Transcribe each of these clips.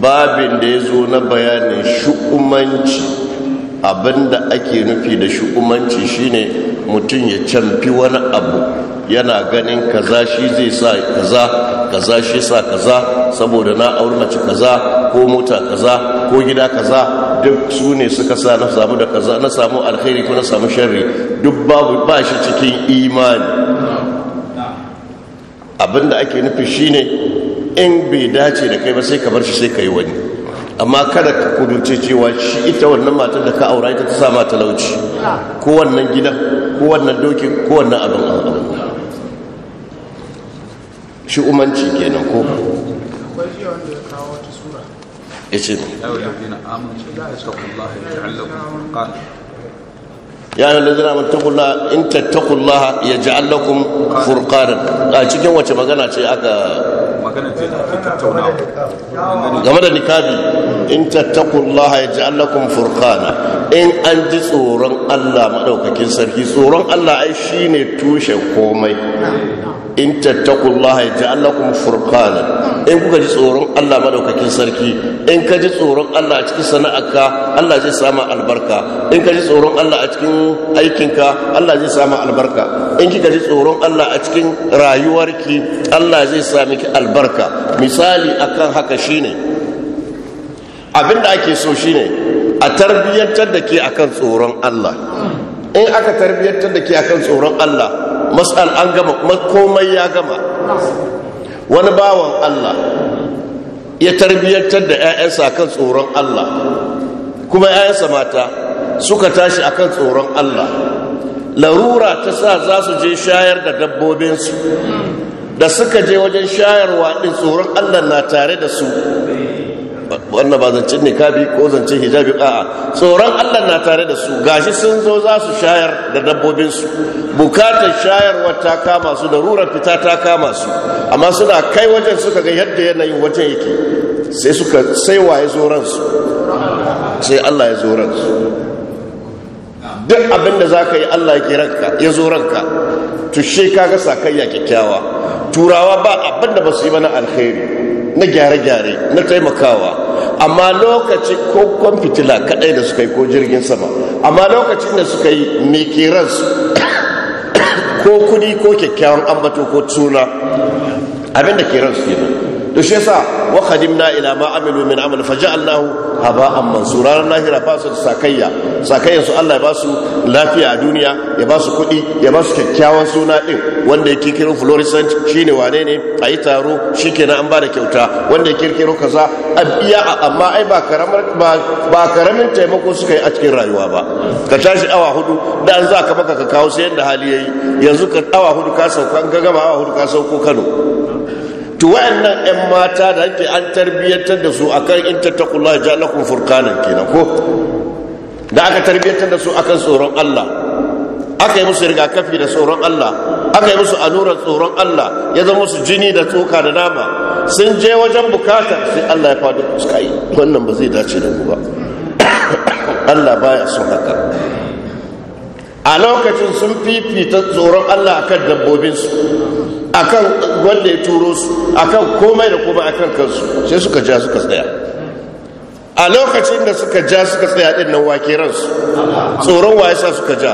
babin da ya zo na bayanin shu'umanci abinda ake nufi da shu'umanci shine mutum ya canfi wani abu yana ganin kaza shi zai sa kaza kaza shi sa kaza saboda na auri mace kaza ko mota kaza ko gida kaza duk su ne suka sa na samu da kaza na samu alkhairi ko na samu sharri duk babu ba shi cikin imani abinda ake nufi shine in bai dace da kai ba sai ka bar shi sai ka yi wani amma kada ka kudurce cewa shi ita wannan matar da ka aura ita ta sa ma talauci ko wannan gida, ko wannan dokin ko wannan abin abin shi umanci kenan ko ya yi lalzina mantakullaha in tattakullaha ya ji allakun furkanin a cikin wace magana ce aka magana ce da ake tattaunawa game da nikabi in ya ji allakun furkana in an ji tsoron Allah maɗaukakin sarki tsoron Allah ai ne tushe komai in ya ji allakun furkana in kuka ji tsoron Allah maɗaukakin sarki in ka ji tsoron Allah a cikin sana'arka Allah zai sama albarka in ka ji tsoron Allah a cikin aikinka Allah zai sama albarka in kika ji tsoron Allah a cikin rayuwarki Allah zai sami albarka misali akan haka shine abinda ake so shine a tarbiyyantar da ke akan tsoron Allah in aka tarbiyyantar da ke akan tsoron Allah masal an gama komai ya gama wani bawan Allah ya tarbiyyantar da 'ya'yansa akan tsoron Allah kuma 'ya'yansa mata suka tashi akan tsoron Allah larura ta sa za su je shayar da dabbobinsu da suka je wajen shayarwa ɗin tsoron allah na tare da su wannan ba zancen nikabi ko zancen hijabi a'a tsoron allah na tare da su gashi sun zo za su shayar da dabbobinsu bukatar shayarwa ta kama su da rurar fita ta kama su amma suna kai wajen suka ga yadda yanayin wajen yake sai suka sai waye zo sai allah ya zo su. duk abin za ka yi allah ya zo ranka tushe ga sakayya kyakkyawa turawa ba abinda da ba su yi mana alheri na gyare-gyare na taimakawa amma lokacin ko fitila kadai da suka yi ko jirgin sama amma lokacin da suka yi mekiransu ko kudi ko kyakkyawan ambato ko suna abinda ke ransu to shi yasa wa khadimna ila ma amilu min amal faja'alnahu haba'an mansura ran lahira ba su sakayya sakayya su Allah ya ba su lafiya a duniya ya ba su kuɗi ya ba su kyakkyawan suna din wanda ya kirkiro fluorescent shine wane ne a yi taro shikenan an ba da kyauta wanda ya kirkiro kaza a amma ai ba karamar ba karamin taimako suka yi a cikin rayuwa ba ka tashi awa hudu da za ka maka ka kawo sai yadda hali yayi yanzu ka awa hudu ka sauka an ka gama awa hudu ka sauko Kano to wayannan 'yan mata da ake an tarbiyyantar da su akan in tattaqullaha ja'alakum furqanan kenan ko da aka tarbiyyantar da su akan tsoron Allah aka yi musu rigakafi da tsoron Allah aka yi musu alurar tsoron Allah ya zama musu jini da tsoka da nama sun je wajen bukata sai Allah ya faɗi yi. wannan ba zai dace da mu ba Allah baya son haka a lokacin sun fifita tsoron Allah akan dabbobinsu akan wanda ya turo su akan komai da komai akan kansu sai suka ja suka tsaya a lokacin da suka ja suka tsaya din nan wake ransu tsoron waye sa suka ja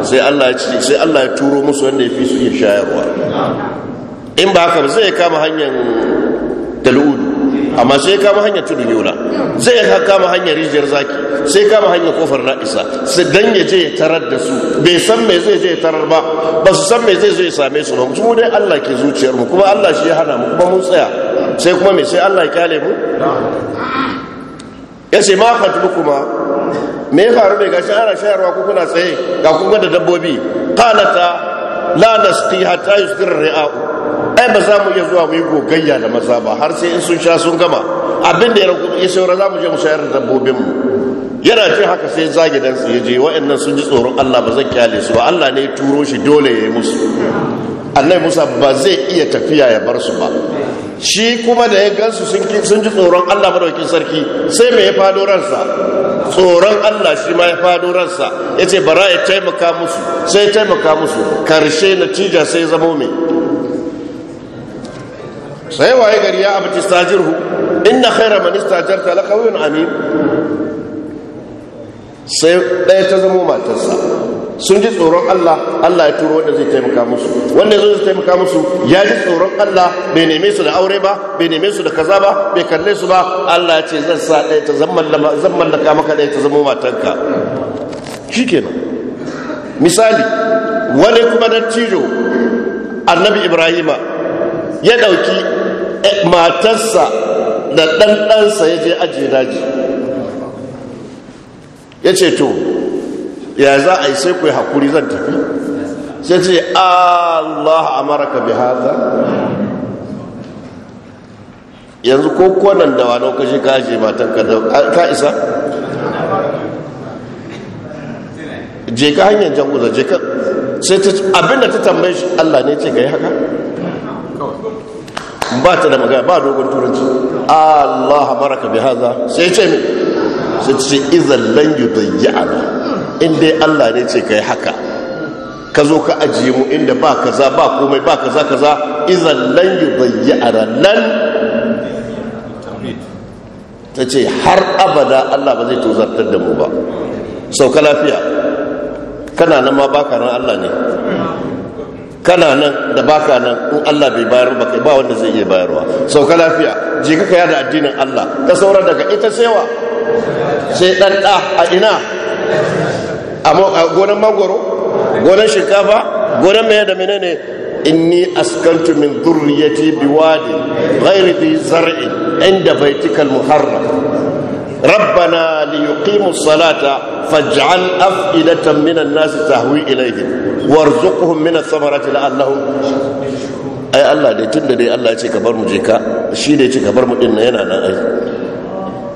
sai Allah ya ci sai Allah ya turo musu wanda ya fi su iya shayarwa in ba haka ba zai kama hanyar dalu'udu amma sai kama hanyar tudun yola zai ya kama hanyar rijiyar zaki sai kama hanyar kofar na isa su dan ya je ya tarar da su bai san me zai je ya tarar ba ba su san me zai zo ya same su ba mu dai Allah ke zuciyar mu kuma Allah shi ya hana mu kuma mun tsaya sai kuma me sai Allah ya kyale mu Ya ce ma kuma me ya faru ne shi ana shayarwa ko kuna tsaye ga kuma da dabbobi qalata la nasqi ta yusqir ri'a ai ba za mu iya zuwa mu yi gogayya da maza ba har sai in sun sha sun gama abin da ya saura za mu je mu shayar da mu yana ce haka sai zagi dan su je wa'annan sun ji tsoron Allah ba zan kyale su ba Allah ne ya turo shi dole ya yi musu Allah Musa ba zai iya tafiya ya bar su ba shi kuma da ya gansu sun ji tsoron Allah madaukin sarki sai mai ya fado ransa tsoron Allah shi ma ya fado ransa ya bara ya taimaka musu sai taimaka musu karshe natija sai zamo mai sai waye gari ya abati stajirhu inna khaira man istajarta la amin sai ɗaya ta zama matarsa sun ji tsoron Allah Allah ya turo wanda zai taimaka musu wanda zai zai taimaka musu ya ji tsoron Allah bai neme su da aure ba bai neme su da kaza ba bai kalle su ba Allah ya ce zan sa ɗaya ta zan mallaka maka ɗaya ta zama matarka shikenan misali wani kuma dattijo annabi Ibrahima ya ɗauki Eh, matarsa da ɗanɗansa ya je ajiye daji ya ce to ya za a yi sai ku yi hakuri zan tafi sai ce allah amaraka bi haza yanzu ko kwanan da wani kashe ajiye matanka da ka isa je ka hanyar janguza je ka sai ta abinda ta tambaye shi allah ne ce ka yi haka ba ta da magana ba dogon turanci Allah baraka bi haza sai ce min sai ce izan lan yudayyana in dai Allah ne ce kai haka ka zo ka ajiye mu inda ba kaza ba komai ba kaza kaza izan lan yudayyana lan ta ce har abada Allah ba zai tozartar da mu ba sauka lafiya kana nan ma baka ran Allah ne kana nan da baka nan in Allah bai bayar ba kai ba wanda zai iya bayarwa sauka lafiya je ka da addinin Allah ka saura daga ita sewa sai dan da a ina a gonan magoro gonan shinkafa gonan mai da menene inni askantu min dhurriyyati biwadi ghairi bi zar'in inda baitikal muharram ربنا ليقيموا الصلاة فاجعل أفئدة من الناس تهوي إليهم وارزقهم من الثمرات لعلهم ai Allah dai tunda dai Allah ya ce ka bar mu je ka shi da ya ce ka bar mu din nan yana nan ai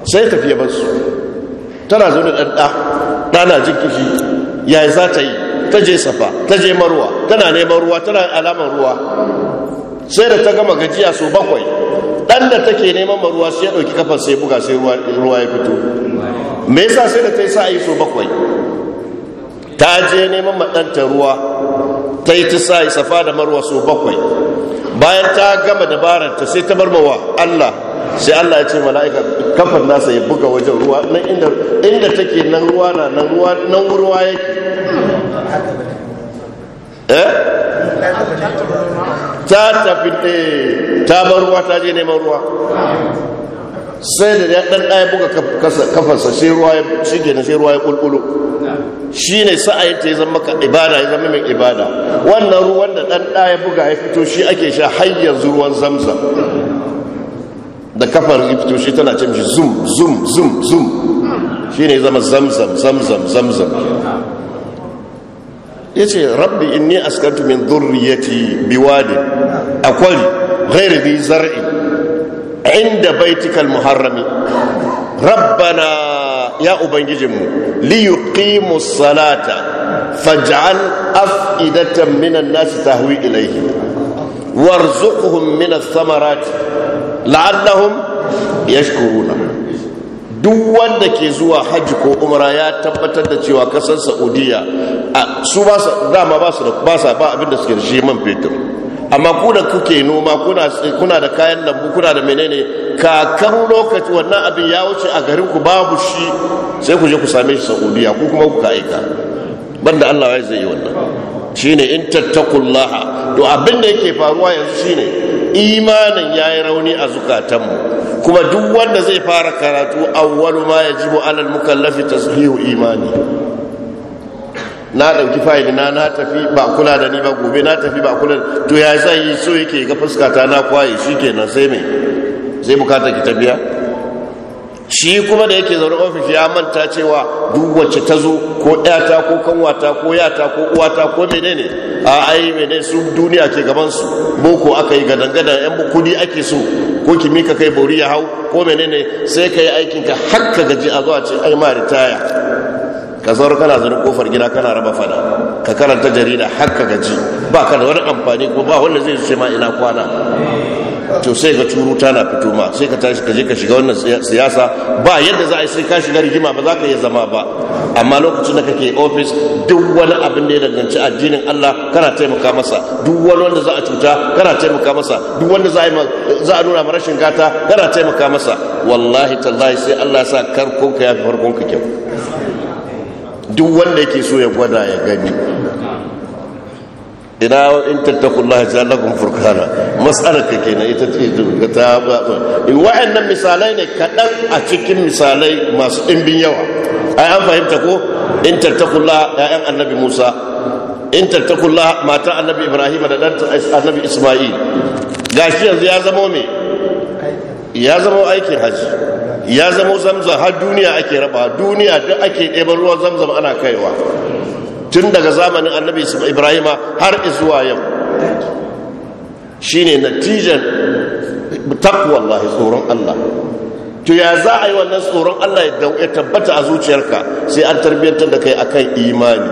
sai tafi ya basu tana zo da ɗanɗa ɗana jin yayi za ta yi ta je safa ta je marwa tana neman ruwa tana alaman ruwa sai da ta gama gajiya so bakwai dan da take neman ma ruwa sai ya dauki kafar sai buga sai ruwa ya fito me yasa sai da ta yi sa'ayi so bakwai ta je neman ma ɗanta ruwa ta yi ta safa da marwa so bakwai bayan ta gama ta sai ta barbawa Allah sai Allah ya ce mala'ika kafan nasa ya buga wajen ruwa nan inda inda take nan ruwa na nan ruwa nan ruwa yake eh ta tafi ta bar ruwa ta je neman ruwa sai da ya dan ɗaya buga kafarsa sai ruwa ya shige na sai ruwa ya ƙulƙulu shi ne sa'ayin ta ya zama ka ibada ya zama mai ibada wannan ruwan da dan ɗaya buga ya fito shi ake sha har yanzu ruwan zamzam da kafar ya fito shi tana ce shi zum zum zum zum shi ne zama zamzam zamzam zamzam ya ce rabbi inni askantu min zurriyati biwadin a kwari ghairi bi zar'i inda baitikal muharrami rabbana ya ubangijinmu li yuqimu salata faj'al af'idatan minan nasi tahwi ilayhi warzuqhum min ath-thamarati la'allahum yashkuruna duk wanda ke zuwa hajji ko umara ya tabbatar da cewa kasar saudiya su ba su dama ba su ba sa ba abin da suke shi man fetur amma ku da kuke noma kuna da kayan lambu kuna da menene kakan lokaci wannan abin ya wuce a garin ku babu shi sai ku je ku same shi saudiya ku kuma ku ka aika banda Allah ya zai yi wannan shine in tattakullaha to abinda yake faruwa yanzu shine imanin yayi rauni a zukatanmu kuma duk wanda zai fara karatu a awwalu ma yajibu alal mukallafi tasbihu imani na ɗauki fayil na na tafi ba kula da ni ba gobe na tafi ba kula to ya zai so yake ga fuskata na kwaye shikenan sai mai zai bukata ki tafiya shi kuma da yake zaune ofis ya manta cewa duk wacce ta zo ko ɗata ko kanwata ko yata ko uwata ko menene a ai menene su duniya ke gaban su boko aka yi gadan-gadan yan kudi ake so ko ki mika kai bori ya hau ko menene sai ka yi aikin ka har ka gaji a zuwa ce ai ma ritaya ka kana zaune kofar gida kana raba fada ka karanta jarida har ka gaji ba ka da wani amfani ko ba wanda zai ce ma ina kwana to sai ga turu tana fito ma sai ka tashi ka ka shiga wannan siyasa ba yadda za a yi sai ka shiga rigima ba za ka iya zama ba amma lokacin da kake ofis duk wani abin da ya danganci addinin Allah kana taimaka masa duk wani wanda za a cuta kana taimaka masa duk wanda za a za a nuna ma rashin gata kana taimaka masa wallahi tallahi sai Allah ya sa karkon ka fi farkon ka kyau duk wanda yake so ya gwada ya gani ina in tattakullah ya lakum furkana mas'alar ka kenan ita ce ta eh, wa'annan misalai ne kaɗan a cikin misalai masu ɗimbin yawa ai an fahimta ko in tattakullah ya'yan annabi musa in tattakullah mata annabi ibrahim da ɗan annabi isma'il gashi yanzu ya zama me ya zama aikin hajji ya zama zamzam har duniya ake raba duniya duk ake ɗeban ruwan zamzam ana kaiwa tun daga zamanin annabi Ibrahim har Izuwa yau shine natijan takwallahi tsoron allah to ya za a yi wannan tsoron allah ya tabbata a zuciyarka sai an tarbiyyantar da kai akan imani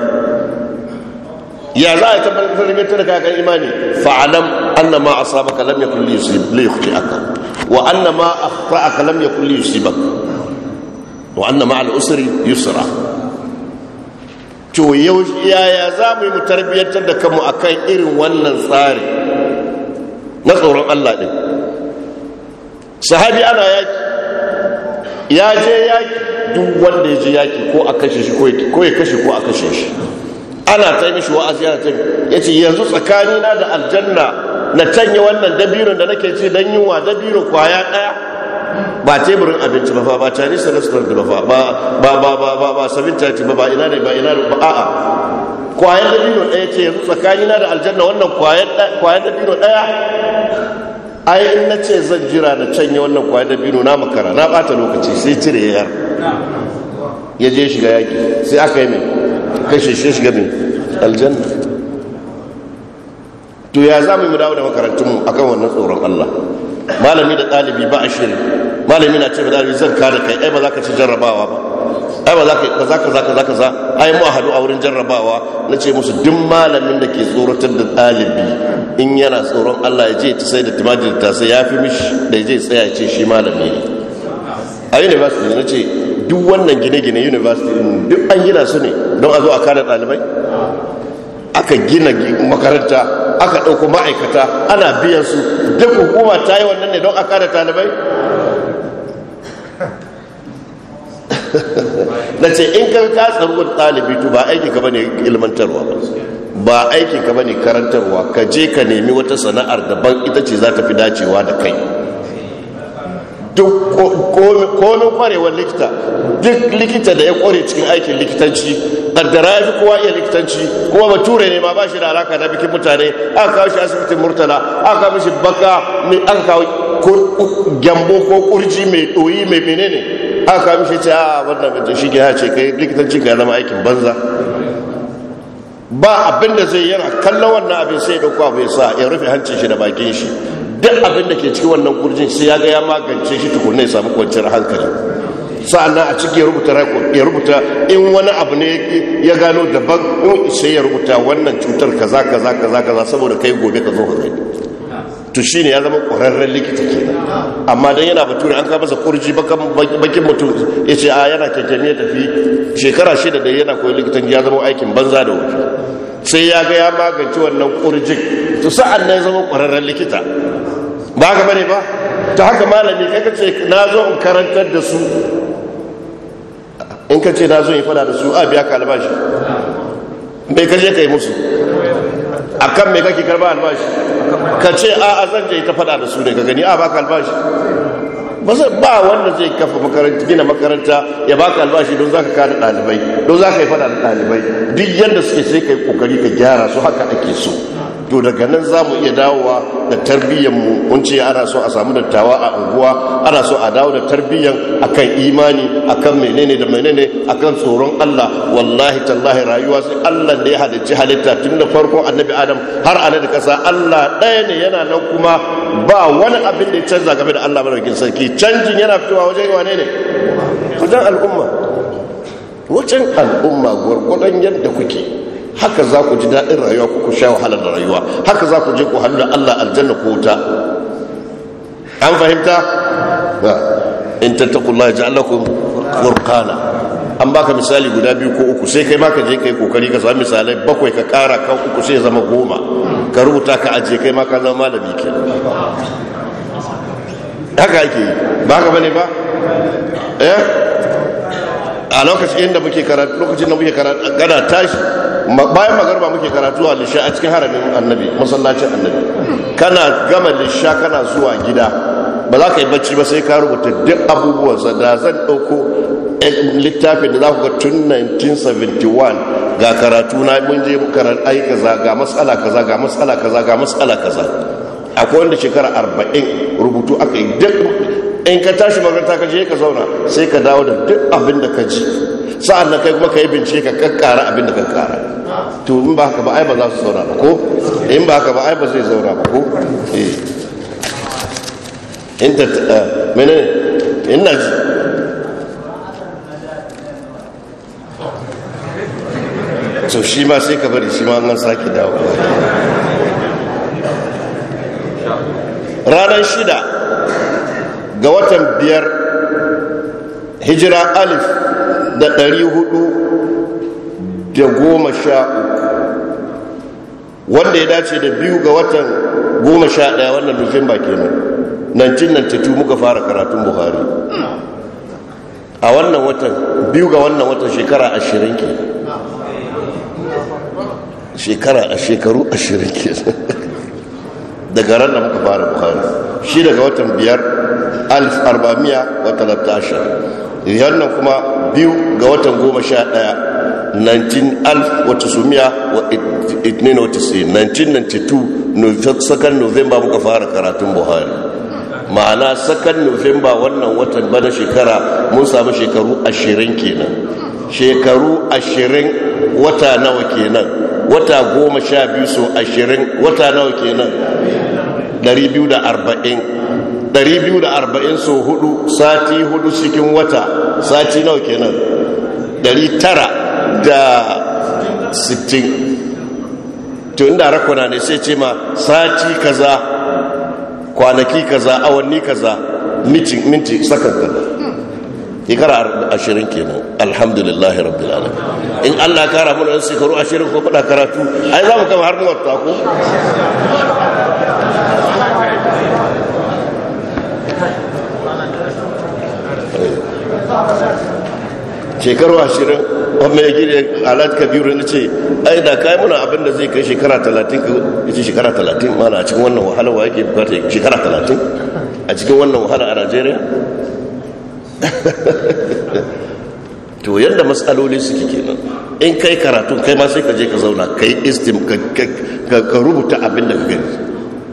ya za a yi tarbiyyantar da kai akan imani fa'alam anna ma asabaka lam yakun li yukhti'aka wa anna ma akhta'aka lam yakun li yusibaka wa anna ma al-usri yusra to yaya za mu yi mu tarbiyyantar da kanmu akan irin wannan tsari na tsoron Allah ɗin sahabi ana yaki ya je yaki duk wanda ya je yaki ko a kashe shi ko ya kashe ko a kashe shi ana ta yi mishi wa'azi ana ta ya ce yanzu tsakanina da aljanna na canye wannan dabirin da nake ci don wa dabirin kwaya ɗaya ba teburin abinci ba ba chinese restaurant ba fa ba ba ba ba ba ba sabin caci ba ba ina ne ba ina ne ba a'a kwayar dino ɗaya ce yanzu tsakani na da aljanna wannan kwayar dino ɗaya ai in na ce zan jira na canye wannan kwayar dino na makara na bata lokaci sai cire ya yar ya je shiga yaƙi sai aka yi mai kashe shi shiga mai aljanna to ya za mu dawo da makarantunmu akan wannan tsoron allah malami da ɗalibi ba a shirin malami na ce da zan kare kai ai ba za ka ci jarrabawa ba ai ba za ka ka za ka za ai mu hadu a wurin jarrabawa na ce musu duk malamin da ke tsoratar da ɗalibi in yana tsoron Allah ya je ta sai da timaji da sai ya fi mishi da ya je tsaya ce shi malami ne a university na ce duk wannan gine-gine university duk an gina su ne don a zo a kare ɗalibai aka gina makaranta aka ɗauko ma'aikata ana biyan su duk hukuma ta yi wannan ne don a kare ɗalibai na in ka ka tsaruwar ɗalibi to ba aiki ka bane ilmantarwa ba ba aiki ka bane karantarwa ka je ka nemi wata sana'ar daban ita ce za ta fi dacewa da kai duk komin kwarewar likita duk likita da ya kware cikin aikin likitanci kaddara ya fi kowa iya likitanci kuma ture ne ma ba shi da alaka da bikin mutane aka kawo shi asibitin murtala aka kawo shi baka mai aka kawo gyambo ko kurji mai doyi mai menene aka kawo mishi ce a wannan bincin shi ke hace kai likitanci ka zama aikin banza ba abin da zai yana kallon wannan abin sai da kwa bai ya sa ya rufe hancin shi da bakin shi duk abinda ke cikin wannan kurjin sai ya ga ya magance shi tukunna samu kwanciyar hankali sa'annan a cikin rubuta ya rubuta in wani abu ne ya gano daban sai ya rubuta wannan cutar kaza kaza kaza kaza saboda kai gobe ka zo ka kai. to shine ya zama ƙwararren likita kenan amma don yana bature an kama masa kurji bakin mutum ya ce a yana kyakkyan ya tafi shekara shida da yana koyi likitan ya zama aikin banza da wuce sai ya ga ya magance wannan kurjin to sa'an nan ya zama ƙwararren likita ba ka bane ba ta haka malami kai ka ce na zo in karantar da su in ka ce na zo in fada da su a biya ka albashi bai kaje ka yi musu a kan mai kake karba albashi ka ce a a zan je ta fada da su da ka gani a baka albashi ba ba wanda zai kafa makaranta gina makaranta ya baka albashi don ka kada ɗalibai don zaka yi fada da dalibai duk yadda suke sai ka yi kokari ka gyara su haka ake so to daga nan za mu iya dawowa da mu mun ce ana so a samu dattawa a unguwa ana so a dawo da tarbiyyar akan imani akan menene da menene akan tsoron Allah wallahi tallahi rayuwa sai Allah da ya halicci halitta tun da farko annabi Adam har a da kasa Allah ɗaya ne yana nan kuma ba wani abin da ya canza game da Allah madaukakin sarki canjin yana fitowa wajen wane ne wajen al'umma wajen al'umma gwargwadon yadda kuke haka za ku ji daɗin rayuwa ko ku sha wahalar da rayuwa haka za ku je ku hannu Allah aljanna ko wuta an fahimta in tattakullah ya ja'ala ku furqana an baka misali guda biyu ko uku sai kai ma ka je kai kokari ka sami misalai bakwai ka kara kan uku sai zama goma ka rubuta ka ajiye kai ma ka zama malami ke haka ake ba ka bane ba eh a lokacin inda muke karatu lokacin da muke karatu gada tashi bayan magarba muke karatu a lisha a cikin haramin annabi masallacin annabi kana gama lisha kana zuwa gida ba za ka yi bacci ba sai ka rubuta duk abubuwan sa da zan ɗauko littafin da za ku ga tun 1971 ga karatu na mun je karar ai kaza ga matsala kaza ga matsala kaza ga matsala kaza akwai wanda shekara arba'in rubutu aka yi duk in ka tashi makaranta ka je ka zauna sai ka dawo da duk abin da ka ji sa'an nan kai kuma ka yi bincike ka kakkara abin da ka to in ba ka ba ai ba za su zauna ba ko in ba ka ba ai ba zai zauna ba ko eh in ta eh, in na ji so shi ma sai ka bari shi ma an sake dawo ranar shida ga watan biyar hijira alif da ɗari hudu da goma sha wanda ya dace da biyu ga watan goma sha ɗaya wannan ke kenan 1992 muka fara karatun buhari a wannan watan biyu ga wannan watan shekara ashirin ke shekara a shekaru ashirin ke daga ran da muka fara buhari shi daga watan biyar 1413 yannan kuma biyu ga watan 11 1992 sakan novemba muka fara karatun buhari ma'ana sakan novemba wannan watan bana shekara mun samu shekaru 20 kenan shekaru 20 wata nawa kenan wata goma biyu so 20 wata nawa kenan 240 240 so hudu sati hudu cikin wata sati nawa kenan 960 to inda rakwana ne sai ce ma sati kaza kwanaki kaza awanni kaza minti minti sakan kaza shekara ashirin kenan alhamdulillah rabbil alamin in Allah kara mana wasu shekaru 20 ko fada karatu ai za mu kama har muwatta ko shekaru ashirin wanda ya gina alat kabiru na ce ai da kayi muna abinda zai kai shekara talatin ka ya ce shekara talatin mana a cikin wannan wahala wa yake bukata shekara talatin a cikin wannan wahala a najeriya to yadda matsaloli suke kenan in kai karatu kai ma sai ka je ka zauna kai istim ka rubuta abinda ka gani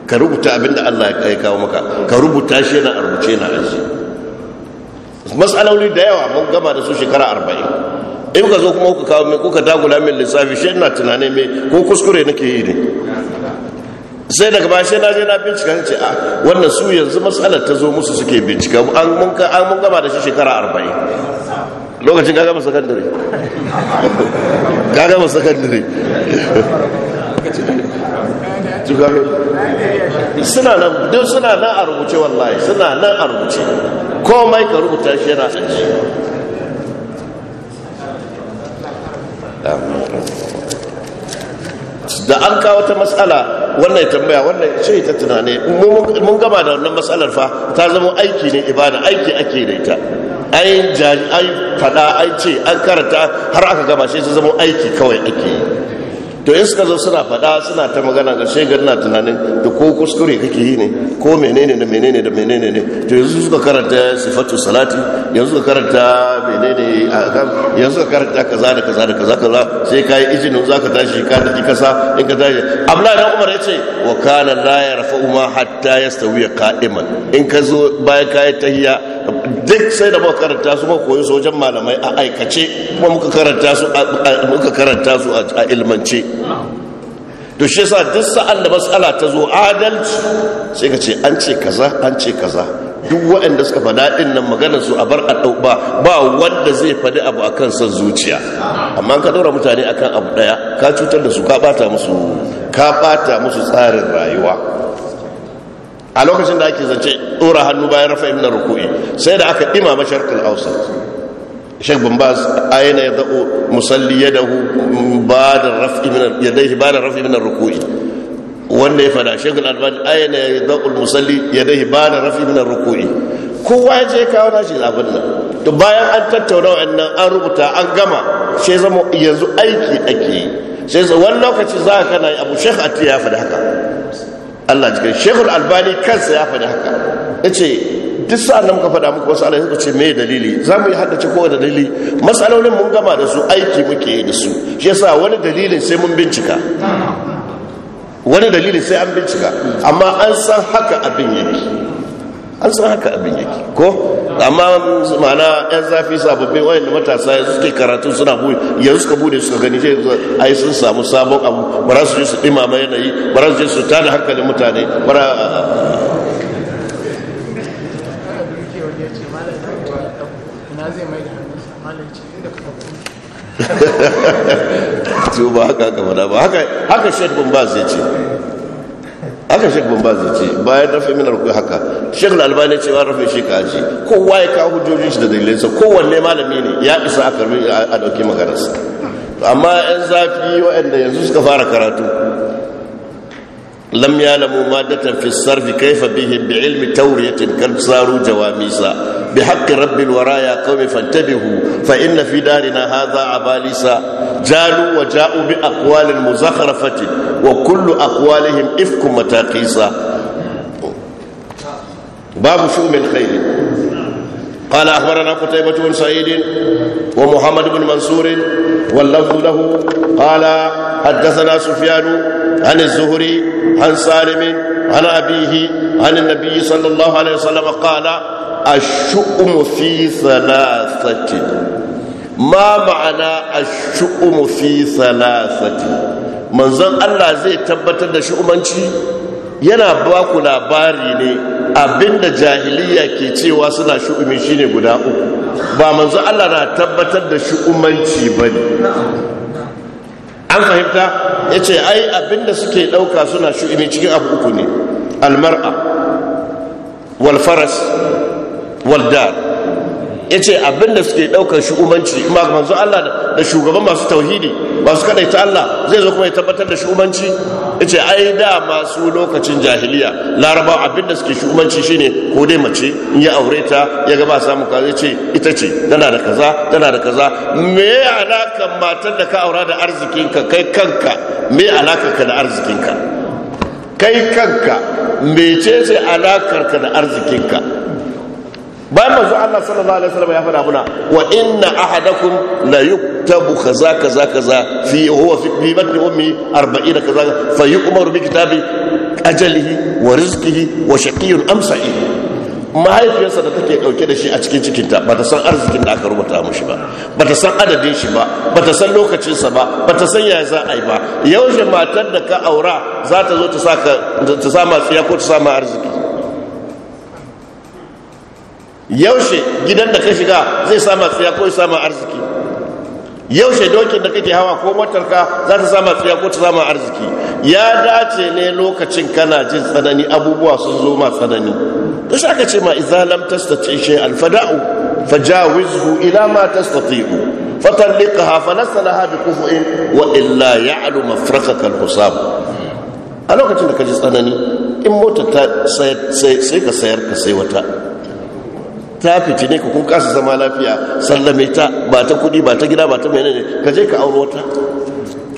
ka rubuta abinda allah ya kawo maka ka rubuta shi yana a rubuce na aji matsaloli da yawa mun gama da su shekara arba'in in ka zo kuma kuka kawo min kuka dagula min lissafi shi ina tunani mai ko kuskure nake yi ne sai daga bashi na je na bincika ce a ah, wannan su yanzu matsalar ta zo musu suke bincika an mun gama da shi shekara arba'in lokacin ka gama sakandare gama sakandare suna nan suna nan a rubuce wallahi suna nan a rubuce komai ka rubuta shi yana aji da an kawo ta matsala wannan tambaya wannan ce ta tunani, mun gama da wannan matsalar fa ta zama aiki ne ibada aiki ake da ita ai fada ai ce an karanta har aka gama shi ta zama aiki kawai ake yi to in suka zo suna faɗa suna ta magana ga shegar na tunanin da ko kuskure kake yi ne ko menene da menene da menene ne to yanzu suka karanta sifatu salati yanzu suka karanta menene a yanzu suka karanta kaza da kaza da kaza kaza sai kai izinin zaka tashi ka tafi kasa in ka tashi abla da umar yace wa kana la yarfa'u ma hatta yastawiya qa'iman in ka zo bayan kai tahiyya duk sai da muka karanta su muka koyi sojan malamai a aikace kuma muka karanta su muka karanta su a ilmance to shi yasa duk sa'an da matsala ta zo adalci sai ka ce an ce kaza an ce kaza duk waɗanda suka faɗa ɗin nan maganar su a bar a ɗau ba ba wanda zai faɗi abu akan son zuciya amma ka ɗora mutane akan abu ɗaya ka cutar da su ka ɓata musu tsarin rayuwa a lokacin da ake zance ɗora hannu bayan rafa ibn ruku'i sai da aka imama sharqul awsat shek bin baz ayna yad'u musalli yadahu ba'da rafi min yadayhi ba'da rafi min ruku'i wanda ya fada shekul albani ayna yad'u musalli yadayhi ba'da rafi min ruku'i kowa ya je kawo nashi abin nan to bayan an tattauna wannan an rubuta an gama sai zama yanzu aiki ake yi sai wani lokaci za ka kana abu shek atiya ya fada haka Allah jikin shekul albani kansa ya faɗi haka ya ce duk sa'an da muka faɗa muku wasu alayi suka ce mai dalili za mu yi haddace kowane dalili matsalolin mun gama da su aiki muke yi da su shi sa wani dalilin sai mun bincika wani dalilin sai an bincika amma an san haka abin yake an san haka abin yake ko amma ma'ana yan zafi sababbin wayan da matasa yanzu suke karatu suna buɗe yanzu suka buɗe suka gani sai yanzu ai sun samu sabon abu bara za su je su ɗimama yanayi bara za su je su tada hankalin mutane ba ba haka ba haka haka shaikh ba zai ce haka shek bin ce bayan rafi minar kuwa haka shek albani ce ba rafi shi kaji kowa ya kawo hujjojin shi da sa kowanne malami ne ya isa a karbi a dauki maganarsa amma yan zafi waɗanda yanzu suka fara karatu lam ma da tafi sarfi fa bihin bi ilmi tawriyatin kan saru jawamisa بحق رب الورى يا قوم فانتبهوا فإن في دارنا هذا عبالسة جالوا وجاءوا بأقوال مزخرفة وكل أقوالهم إفك متاقيسة باب شؤم الخير قال أخبرنا قتيبة بن سعيد ومحمد بن منصور واللفظ له قال حدثنا سفيان عن الزهري عن سالم عن أبيه عن النبي صلى الله عليه وسلم قال الشؤم في ثلاثة ما معنى الشؤم في ثلاثة manzon Allah zai tabbatar da shu'umanci yana ba ku labari ne abinda jahiliya ke cewa suna shu'umi shine guda uku ba manzon Allah na tabbatar da shu'umanci ba ne an fahimta ya ce ai abinda suke ɗauka suna shu'umi cikin abu uku ne almar'a walfaras waldar ya ce abinda suke daukar shugabanci kuma manzo Allah da shugaban masu tauhidi masu ta Allah zai zo kuma ya tabbatar da shugabanci ya ce ai da masu lokacin jahiliya laraba abinda suke shugabanci shine ko dai mace in ya aure ta ya ga ba samu zai ce ita ce tana da kaza tana da kaza me alaka matar da ka aura da arzikinka kai kanka me alaka ka da arzikinka kai kanka mece ce alakarka da arzikinka bayan mazu Allah sallallahu alaihi wasallam ya faɗa muna wa inna ahadakum la yuktabu kaza kaza kaza fi huwa fi bi ummi 40 kaza fa yuqmaru bi kitabi ajalihi wa rizqihi wa shaqiyun am mahaifiyarsa da take dauke da shi a cikin cikinta ba ta san arzikin da aka rubuta mushi ba ba ta san adadin shi ba ba ta san lokacinsa ba ba ta san yaya za a yi ba yaushe matar da ka aura za ta zo ta sa ma tsiya ko ta sa ma arziki yaushe gidan da ka shiga zai sama tsaya ko sama arziki yaushe dokin da kake hawa ko motarka za ta sama tsaya ko ta sama arziki ya dace ne lokacin kana jin tsanani abubuwa sun zo ma tsanani to shi aka ce ma izalam lam tastati shay al fada'u fajawizhu ila ma tastati'u fatalliqaha falasalaha bi kufu'in wa illa ya'lu mafrakaka al a lokacin da ka ji tsanani in mota ta sai ka sayar ka sai wata ta fice ne ka kun kasa zama lafiya sallame ta ba ta kudi ba ta gida ba ta menene ka je ka auro ta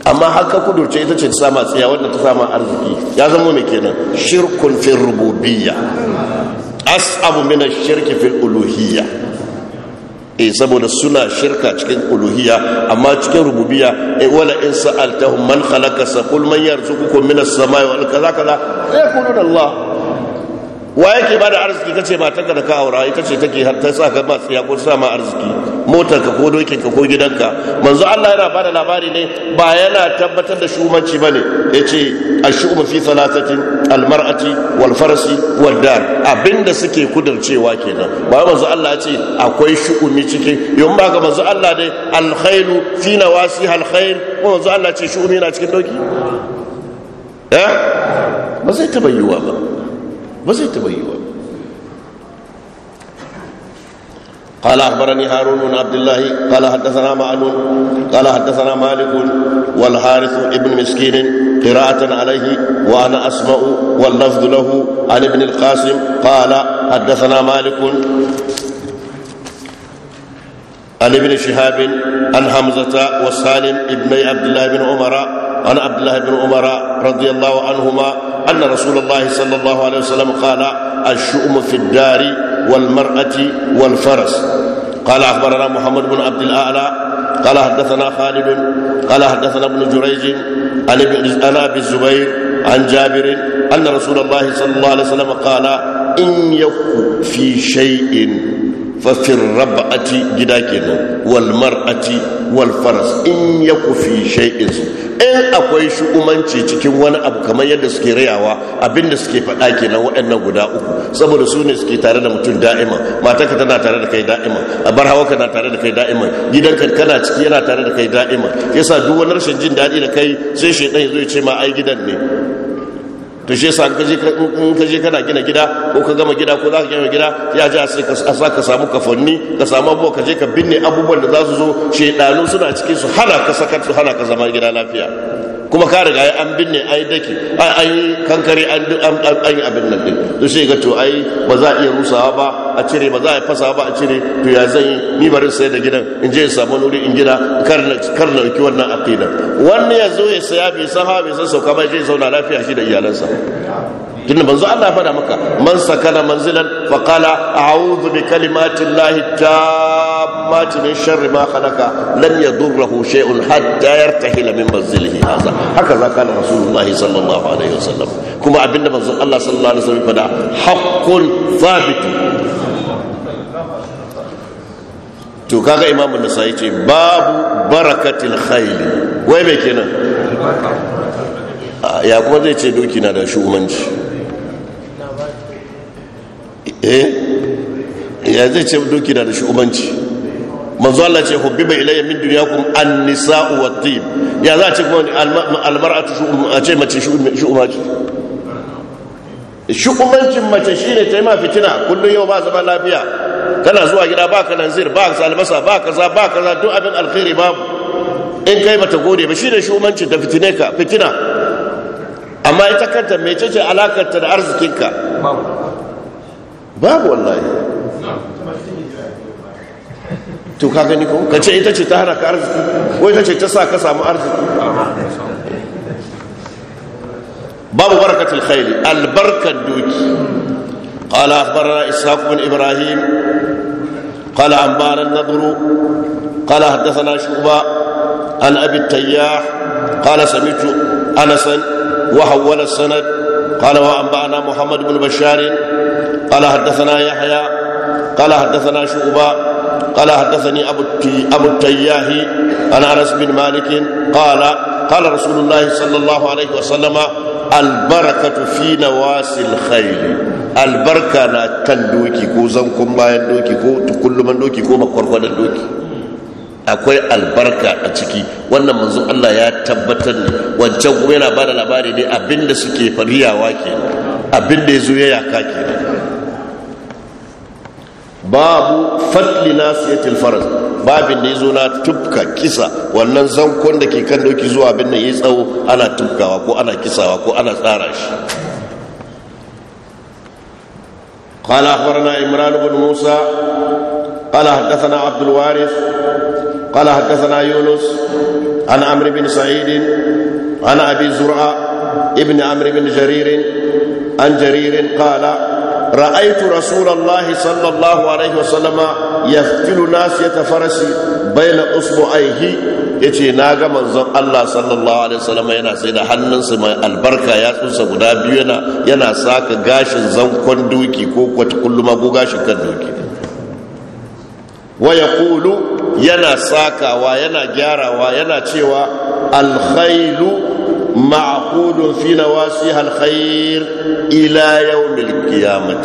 amma haka kudurce ita ce ta sama tsiya wadda ta sama arziki ya zama mai kenan shirkun fil rububiyya as abu mina shirki fil uluhiyya eh saboda suna shirka cikin uluhiyya amma cikin rububiyya eh wala in sa'altahum man khalaqa sa qul man yarzuqukum min as-samai wal kaza kaza yaquluna Allah wa yake bada arziki kace matarka da ka aura ita ce take har ta sa ka ba tsiya ko sa ma arziki motarka ko dokin ka ko gidanka manzo Allah yana bada labari ne ba yana tabbatar da shumanci bane yace ashubu fi salatati almar'ati wal farsi wal dar abinda suke kudurcewa kenan ba manzo Allah ce akwai shu'umi cikin yau ba ga manzo Allah dai alkhairu fi nawasi alkhair manzo Allah ce na cikin doki eh ba zai taba yiwa ba ما زلت قال أخبرني هارون بن عبد الله قال حدثنا معلول قال حدثنا مالك والحارث ابن مسكين قراءة عليه وأنا أسمع واللفظ له عن ابن القاسم قال حدثنا مالك عن ابن شهاب عن حمزة وسالم ابن عبد الله بن عمر عن عبد الله بن عمر رضي الله عنهما أن رسول الله صلى الله عليه وسلم قال الشؤم في الدار والمرأة والفرس قال أخبرنا محمد بن عبد الأعلى قال حدثنا خالد قال حدثنا ابن جريج عن أبي الزبير عن جابر أن رسول الله صلى الله عليه وسلم قال إن يك في شيء ففي الربعة جداكن والمرأة والفرس إن يك في شيء in akwai shu'umanci cikin wani abu kamar yadda suke rayawa abinda suke faɗa kenan waɗannan guda uku saboda su ne suke tare da mutum da'ima matanka tana tare da kai da'ima a bar na tare da kai da'ima gidanka kana ciki yana tare da kai da'ima yasa duk wani rashin jin daɗi da kai sai shaidan ya zo ya ce ma ai gidan ne to shi yasa in ka je kana gina gida ko ka gama gida ko za ka gina gida ya ji a sa ka samu kafanni ka samu abubuwa ka je ka binne abubuwan da za su zo shedanu suna cikin su hana ka sakar su hana ka zama gida lafiya kuma ka riga an binne ai daki ai kankare an an abin nan din to sai ga to ai ba za a iya rusawa ba a cire ba za a fasa ba a cire to ya zan yi ni bari sai da gidan in je in samu nuri in gida kar na ki wannan aqida Wannan ya zo ya saya bai san hawa bai san sauka ba je zauna lafiya shi da iyalansa tunda manzo Allah ya faɗa maka man sakana manzilan faqala a'udhu bi kalimatillahi ta الدابات من شر ما خلق لن يضره شيء حتى يرتحل من منزله هذا هكذا كان رسول الله صلى الله عليه وسلم كما أبن منزل الله صلى الله عليه وسلم فدا حق ثابت to kaga imamu nasa'i ce babu barakatil khayli wai me kenan ya kuma zai ce doki na da shugabanci eh ya zai ce doki na da shugabanci manzo Allah ce hubbiba ilayya min dunyakum an-nisa'u wat-tib ya za ce kuma al-mar'atu a ce mace shu'uma ce shu'umancin mace shine ta ma fitina kullun yau ba zama lafiya kana zuwa gida ba ka nanzir ba ka albasa ba kaza ba kaza duk abin alkhairi babu in kai bata gode ba shine shu'umancin da fitine ka fitina amma ita kanta mecece alakarta da arzikinka babu babu wallahi to ka gani ko ka ce ita ce ta hana ka arziki ko ita ce ta sa ka samu arziki babu barakatul khairi albarkar doki قال أخبرنا إسحاق بن إبراهيم قال أنبانا النضر قال حدثنا شعبة عن أبي التياح قال سمعت أنسا وحول السند قال وأنبأنا محمد بن بشار قال حدثنا يحيى قال حدثنا شعبة قال حدثني أبو أبو التياهي عن أنس بن مالك قال قال رسول الله صلى الله عليه وسلم البركة في نواسي الخير البركة لا تندوكي كو زنكم ما يندوكي كو كل من دوكي كو مكورفان دوكي akwai albarka a ciki wannan manzon Allah ya tabbatar ne wancan kuma yana bada labari ne abinda suke fariyawa ke abinda ya zo ya yaka kenan babu fatli nasiyatil farz babin da zo na tubka kisa wannan zankon da ke kan doki zuwa abin da yayi tsawo ana tubkawa ko ana kisawa ko ana tsara shi قال أخبرنا عمران بن موسى قال حدثنا عبد الوارث قال حدثنا يونس عن عمرو بن سعيد عن أبي زرعة ابن عمرو بن جرير عن جرير قال رأيت رسول الله صلى الله عليه وسلم يختل ناسية فرسي بين أصبعيه yace na ga manzon Allah sallallahu alaihi wasallam yana sai da hannunsa mai albarka ya tsunsa guda biyu yana yana saka gashin zankon doki ko kwata kulluma ko gashin kan doki wa yaqulu yana sakawa yana gyarawa yana cewa alkhailu معقود في نواسيها الخير إلى يوم القيامة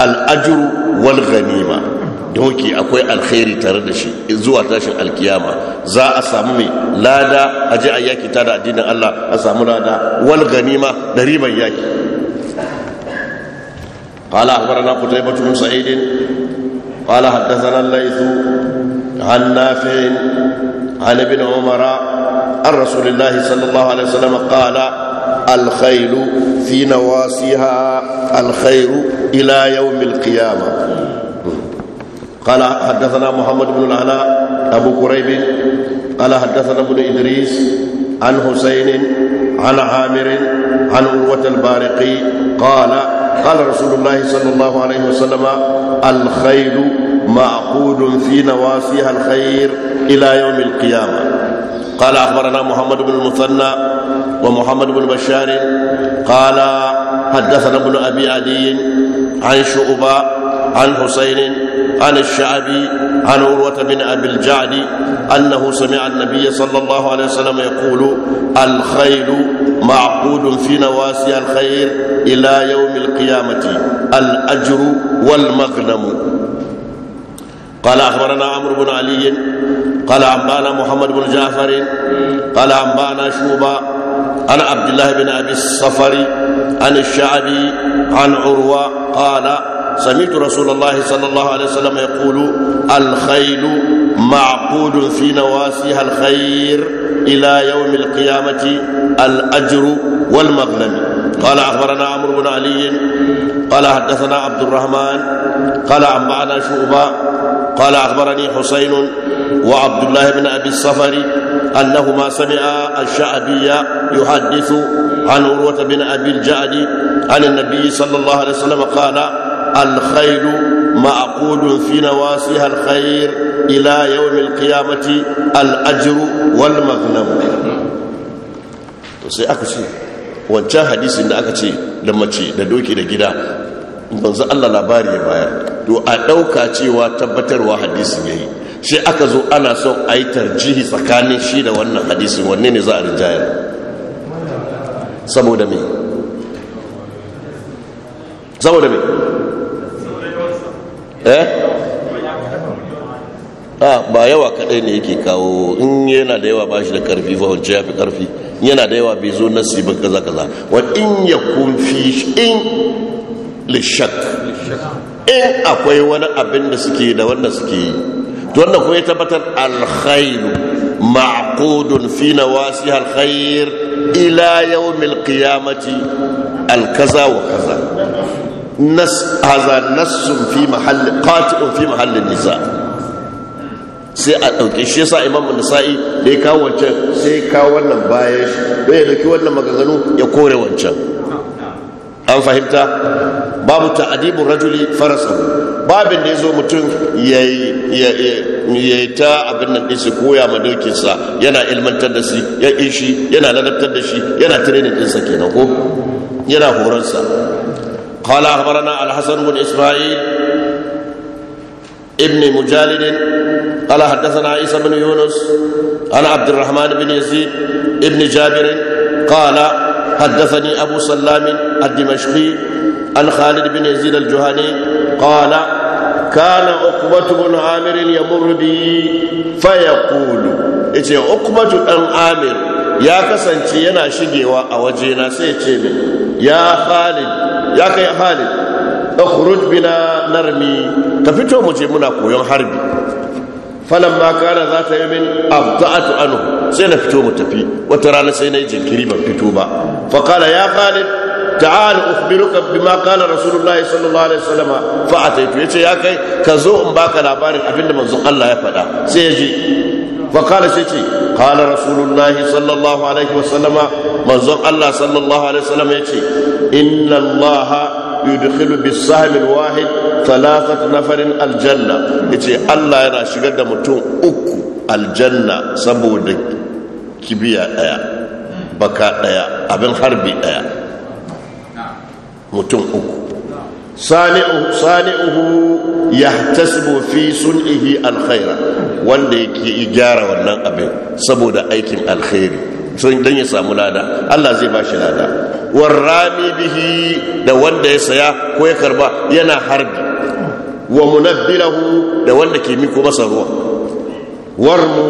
الأجر والغنيمة doki akwai alkhairi tare da shi zuwa tashin alkiyama za a samu mai lada a ji a yaki ta da addinin Allah a samu lada wal ganima da riban yaki qala akhbarana qutaybah bin sa'id qala haddathana al-layth an nafi' an ibn umara عن رسول الله صلى الله عليه وسلم قال الخيل في نواسيها الخير إلى يوم القيامة قال حدثنا محمد بن العلاء أبو كريب قال حدثنا ابن إدريس عن حسين عن عامر عن عروة البارقي قال قال رسول الله صلى الله عليه وسلم الخيل معقود في نواسيها الخير إلى يوم القيامة قال أخبرنا محمد بن المثنى ومحمد بن بشار قال حدثنا ابن أبي عدي عن شعباء عن حسين عن الشعبي عن عروة بن أبي الجعد أنه سمع النبي صلى الله عليه وسلم يقول الخيل معقود في نواسي الخير إلى يوم القيامة الأجر والمغنم قال أخبرنا عمرو بن علي قال أنبانا محمد بن جعفر قال أنبانا شوبا عن عبد الله بن أبي الصفر عن الشعبي عن عروة قال سمعت رسول الله صلى الله عليه وسلم يقول الخيل معقود في نواسيها الخير إلى يوم القيامة الأجر والمغنم قال أخبرنا عمرو بن علي قال حدثنا عبد الرحمن قال أنبأنا شعبة قال أخبرني حسين وعبد الله بن أبي الصفر أنهما سمعا الشعبي يحدث عن عروة بن أبي الجعد عن النبي صلى الله عليه وسلم قال الخيل معقود في نواسيها الخير إلى يوم القيامة الأجر والمغنم sai aka ce wancan hadisin da aka ce da mace da doki da gida banzu Allah labari ya bayar to a ɗauka cewa tabbatarwa hadisin ya yi shi aka zo ana son a yi tarjihi tsakanin shi da wannan hadisin wanne ne za a rinjayar saboda me saboda me eh a ah, ba yawa kadai ne yake kawo in yana da yawa ba shi da karfi fahimci ya fi karfi yana da yawa bai zo nasi ba kaza kaza wa in ya kunfi in lishak in eh, akwai wani abin da suke da wannan suke yi wannan kuma ya tabbatar alkhairu ma'qudun fi nawasi alkhair ila yawmil qiyamati alkaza wa kaza nas haza nassun fi mahalli qati'un fi mahalli nisa' sai a ɗauke shi yasa imamu nasa'i da ya kawo wancan sai ya kawo wannan bayan shi bai ya ɗauki wannan maganganu ya kore wancan an fahimta babu ta'adibin rajuli farasa babin da ya zo mutum ya yi ta abin nan ɗinsa ko ya madokinsa yana ilmantar da shi ya ishi yana ladabtar da shi yana training ɗinsa kenan ko yana horonsa kala habarana alhassan bin isma'il ibn mujalidin kala haddasa isa bin yunus ana abdurrahman bin yazid ibn jabirin kala حدثني أبو سلام الدمشقي عن خالد بن يزيد الجهني قال كان عقبة بن عامر يمر بي فيقول إيه عقبة بن عامر يا كسنتي أنا شجي وأوجينا سيتشيني يا خالد يا كي خالد اخرج بنا نرمي تفتو مجمنا كويون حربي فلما كان ذات يوم أبطأت عنه سينا فتو متفي وترانا سينا يجي كريبا فتوبا فقال يا خالد ta'al ukhbiruka bima qala rasulullahi sallallahu alaihi wasallam fa ataitu yace ya kai ka zo in baka labarin abinda manzon Allah ya faɗa sai ya je fa qala sai ce qala rasulullahi sallallahu alaihi wasallam manzon Allah sallallahu alaihi wasallam yace inna Allah yudkhilu bis-sahm al-wahid thalathat na farin aljanna. yace Allah yana shigar da mutum uku aljanna saboda kibiya daya baka daya abin harbi ɗaya. mutum uku sani'uhu ya tasbo fi ihi alkhaira wanda yake gyara wannan abin saboda aikin alkhairi sun dan ya samu lada Allah zai ba shi lada warrami bihi da wanda ya saya ko ya karba yana harbi wa munabbilahu da wanda ke miko masa ruwa warmu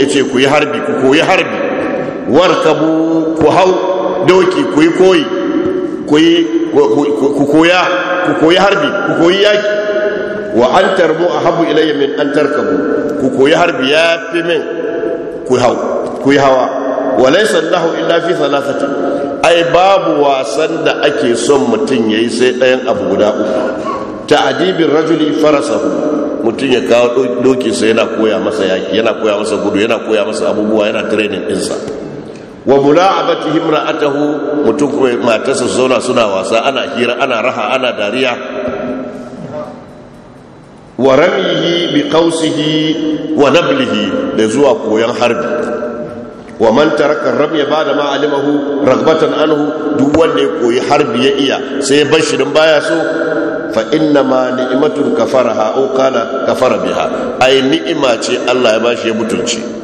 yace ku yi harbi ku koyi harbi warkabu ku hau doki ku yi koyi ku koya ku koyi harbi ku koyi yaki wa an tarbu ahabbu ilayya min an tarkabu ku koyi harbi ya fi min ku yi hawa wa laysa lahu illa fi thalathati ai babu wasan da ake son mutum yayi sai ɗayan abu guda uku ta'dibir rajuli farasahu mutum ya kawo doki sai yana koya masa yaki yana koya masa gudu yana koya masa abubuwa yana training insa. wa mula'abatihi imra'atahu mutum kuma matarsa su zauna suna wasa ana hira ana raha ana dariya wa ramihi bi qausihi wa nablihi da zuwa koyan harbi wa man taraka ramya bada ma alimahu ragbatan anhu duk wanda ya koyi harbi ya iya sai ya bar shi dan baya so fa inna ma ni'matun kafaraha au kana kafara biha ai ni'ima ce Allah ya bashi ya mutunci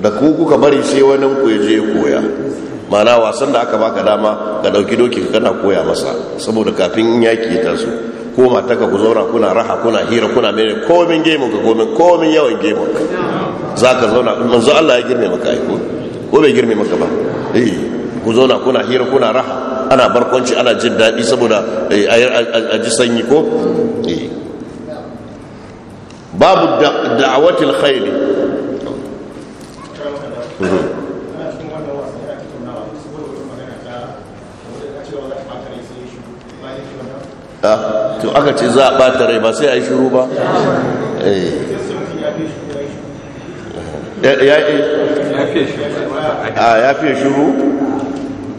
da ku kuka bari sai wani ku ya je koya mana wasan da aka baka dama ga dauki doki kana koya masa saboda kafin yaki ya su. ko ka ku zauna kuna raha kuna hira kuna mene komin game ka komin komin yawan game ka zaka zauna manzo Allah ya girme maka ai ko bai girme maka ba eh ku zauna kuna hira kuna raha ana barkwanci ana jin daɗi saboda eh, a ji sanyi ko eh. babu da'awatil khairi Ah, to aka ce za a bata rai ba sai a yi shuru ba eh. ah, ya fiye shuru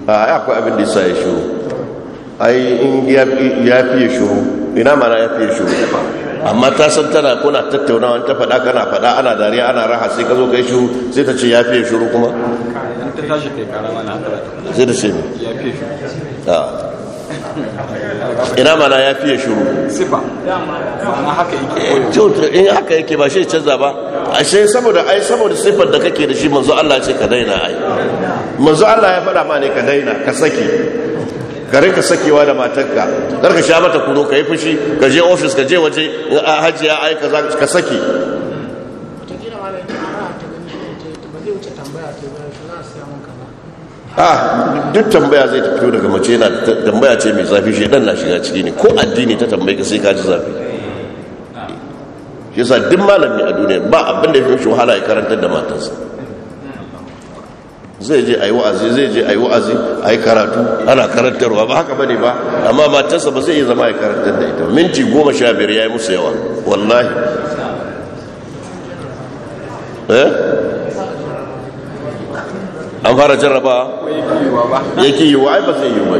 a ah, ya kwa abin da sa ya shuru ai in ya fiye shuru ina mana ya fiye shuru amma ta san tana kuna tattaunawa ta fada kana fada ana dariya ana raha sai ka zo ka yi shuru sai ta ce ya fiye shuru kuma ya fiye shuru ina mana ya fiye shuru in haka yake ba shi canza ba ashe saboda ai saboda siffar da kake da shi manzo Allah ce ka daina ai manzo Allah ya faɗa ma ne ka daina ka saki gare ka sakewa da matarka kar sha mata kuro ka yi fushi ka je ofis ka je waje hajiya ai ka saki a ah, duk tambaya zai tafiyo daga mace yana tambaya ce mai zafi shi dan na shiga ciki ne ko addini ta tambaye ka sai ka ji zafi shi yasa duk malami a duniya ba abin da ya fi shi wahala ya karanta da matarsa zai je ayi wa'azi zai je ayi wa'azi ayi karatu ana karantarwa ba haka bane ba amma matarsa ba zai iya zama ya karantar da ita minti goma sha biyar ya yi musu yawa wallahi eh an fara jarraba yake yi wa ai ba sai yi ba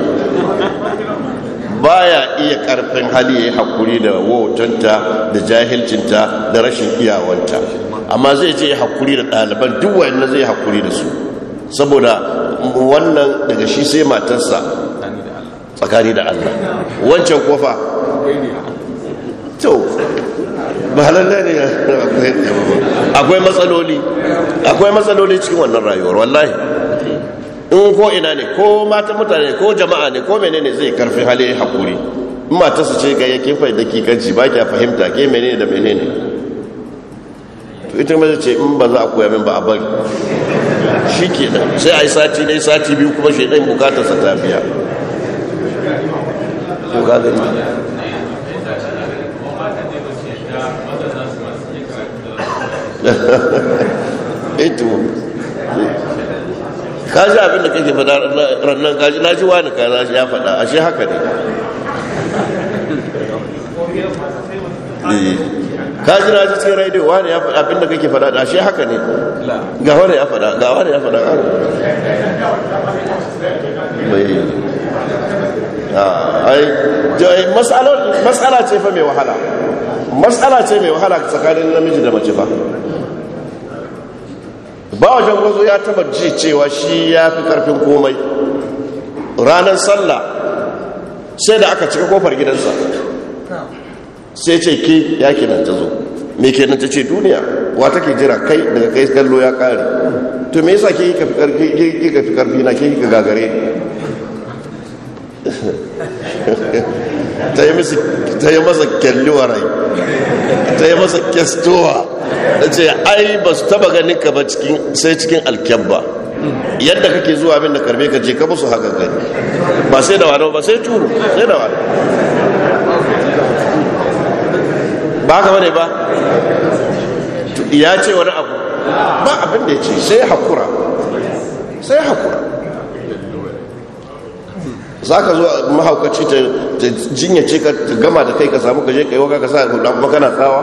baya iya karfin hali ya yi hakuri da wautanta da jahilcinta da rashin iyawanta amma zai je hakuri da ɗaliban duk wayannan zai hakuri da su saboda wannan daga shi sai matarsa tsakani da Allah wancan kofa to ba lallai ne akwai matsaloli akwai matsaloli cikin wannan rayuwar wallahi in ko ina ne ko mata mutane ko jama'a ne ko menene zai karfi hali hakuri in mata su ce ga yake fai da kikanci ba kya fahimta ke menene da menene to ita mace ce in ba za a koya min ba a bari shi kenan sai a yi sati dai sati biyu kuma shi ɗan bukatarsa ta biya to ka gani eto eh ka ji abin da kake faɗa rannan ka ji na ji wani ka za ya faɗa shi haka ne eh. ka ji na ji cikin raidiyo wani ya faɗa abin da kake faɗa shi haka ne ga wani ya faɗa ga wani ya faɗa ah, ai eh, matsala ce fa mai wahala matsala ce mai wahala tsakanin namiji da mace ba. ba wajen gwazo ya taba ji cewa shi ya fi karfin komai ranar sallah sai da aka cika kofar gidansa sai ce ke ya nan ta zo me kenan ta ce duniya wa take jira kai daga kai kallo ya kare to me yasa ke yi ka fi karfi na ke yi ka gagare ta yi masa kyalluwa rai ta yi masa kyastowa ta ce ai ba su taba ganin ka ba sai cikin alkyabba yadda kake zuwa min da karbe ka je ka musu haka gani ba sai da wani ba sai turu sai da wani ba haka bane ba ya ce wani abu ba abin da ya ce sai hakura sai hakura za ka zo mahaukaci ta jinyace ka ta gama da kai ka samu ka je ka yi waka ka sa hula kuma kana tsawa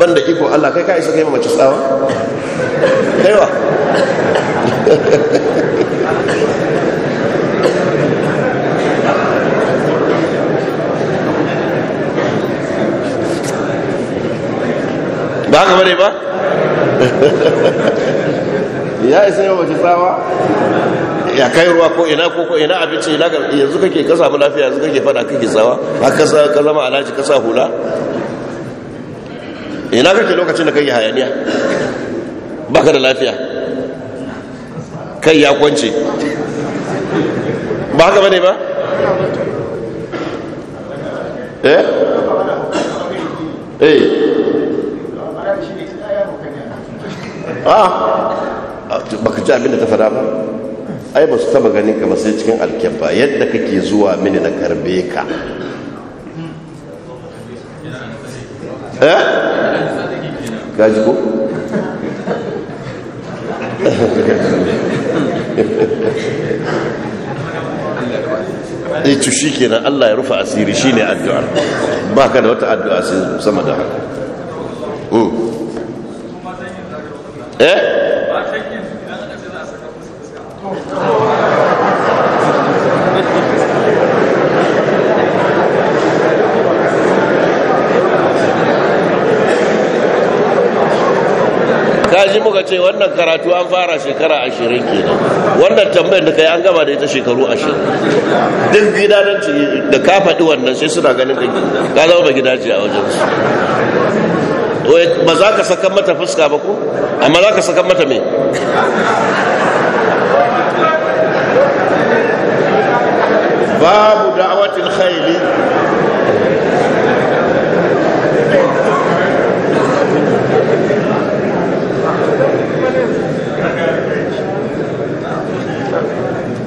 ban da iko allah kai ka isa kai mace tsawa kaiwa ba ka bane ba ya isa yau mace tsawa ya kai ruwa ko ina ko ko ina abinci ina yanzu kake ka samu lafiya yanzu kake fada kake tsawa haka sa ka zama alaji ka sa hula ina kake lokacin da kake hayaniya baka da lafiya kai ya kwance ba haka bane ba eh eh ah, ah baka ji abin da ta fara ba ai ba su taba ganin ka ba sai cikin alkyabba yadda kake zuwa mini na karbe ka gaji eh? ko e to shi nan Allah ya rufa asiri shi ne addu'ar ba ka da wata addu'a sai sama da haka hmm. eh kaji muka ce wannan karatu an fara shekara ashirin kenan wannan tambayar da kai an gama da ita shekaru ashirin duk gidananci da ka faɗi wannan sai suna ganin ka zama mai gidaje a wajen su ba za ka saka mata fuska ba ko amma za ka saka mata me babu da'awatin khayli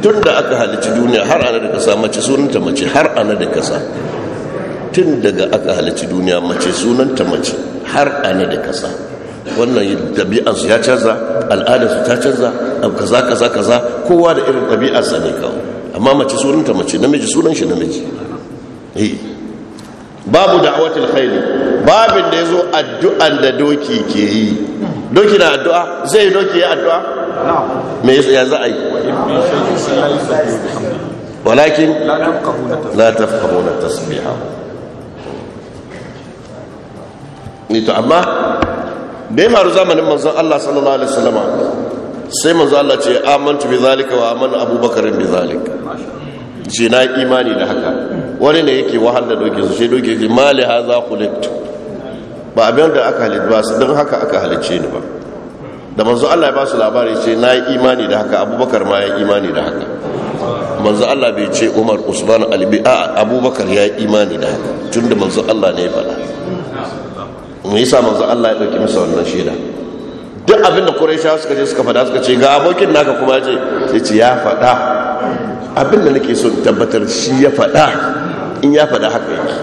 tun da aka halici duniya har ana da kasa mace sunanta mace har ana da kasa tun daga aka halici duniya mace sunanta mace har ana da kasa wannan ɗabi'arsu ya canza al'adarsu ta canza kaza kaza kaza kowa da irin ɗabi'arsa ne kawo amma mace sunanta mace namiji sunan shi namiji eh. babu da'awatul khayli babin da yazo addu'an da doki ke yi doki na addu'a zai doki ya addu'a me yasa ya za a yi walakin la tafqahuna tasbiha ni to amma da maru faru zamanin manzon Allah sallallahu alaihi wasallama sai manzon Allah ce amantu bi zalika wa amana abubakar bi zalika ce na imani da haka wani ne yake wahal da su ce doke ji mali ha za ku lektu ba abin da aka halitta ba su don haka aka halicce ni ba da manzo Allah ya ba su labari ce na imani da haka abubakar ma ya imani da haka manzo Allah bai ce Umar Usman Albi a abubakar ya imani da haka tun da manzo Allah ne ya faɗa me sa manzo Allah ya dauki masa wannan shaida duk abin da Quraisha suka je suka faɗa suka ce ga abokin naka kuma ya ce sai ce ya faɗa abin da nake so tabbatar shi ya fada, in ya fada haka yake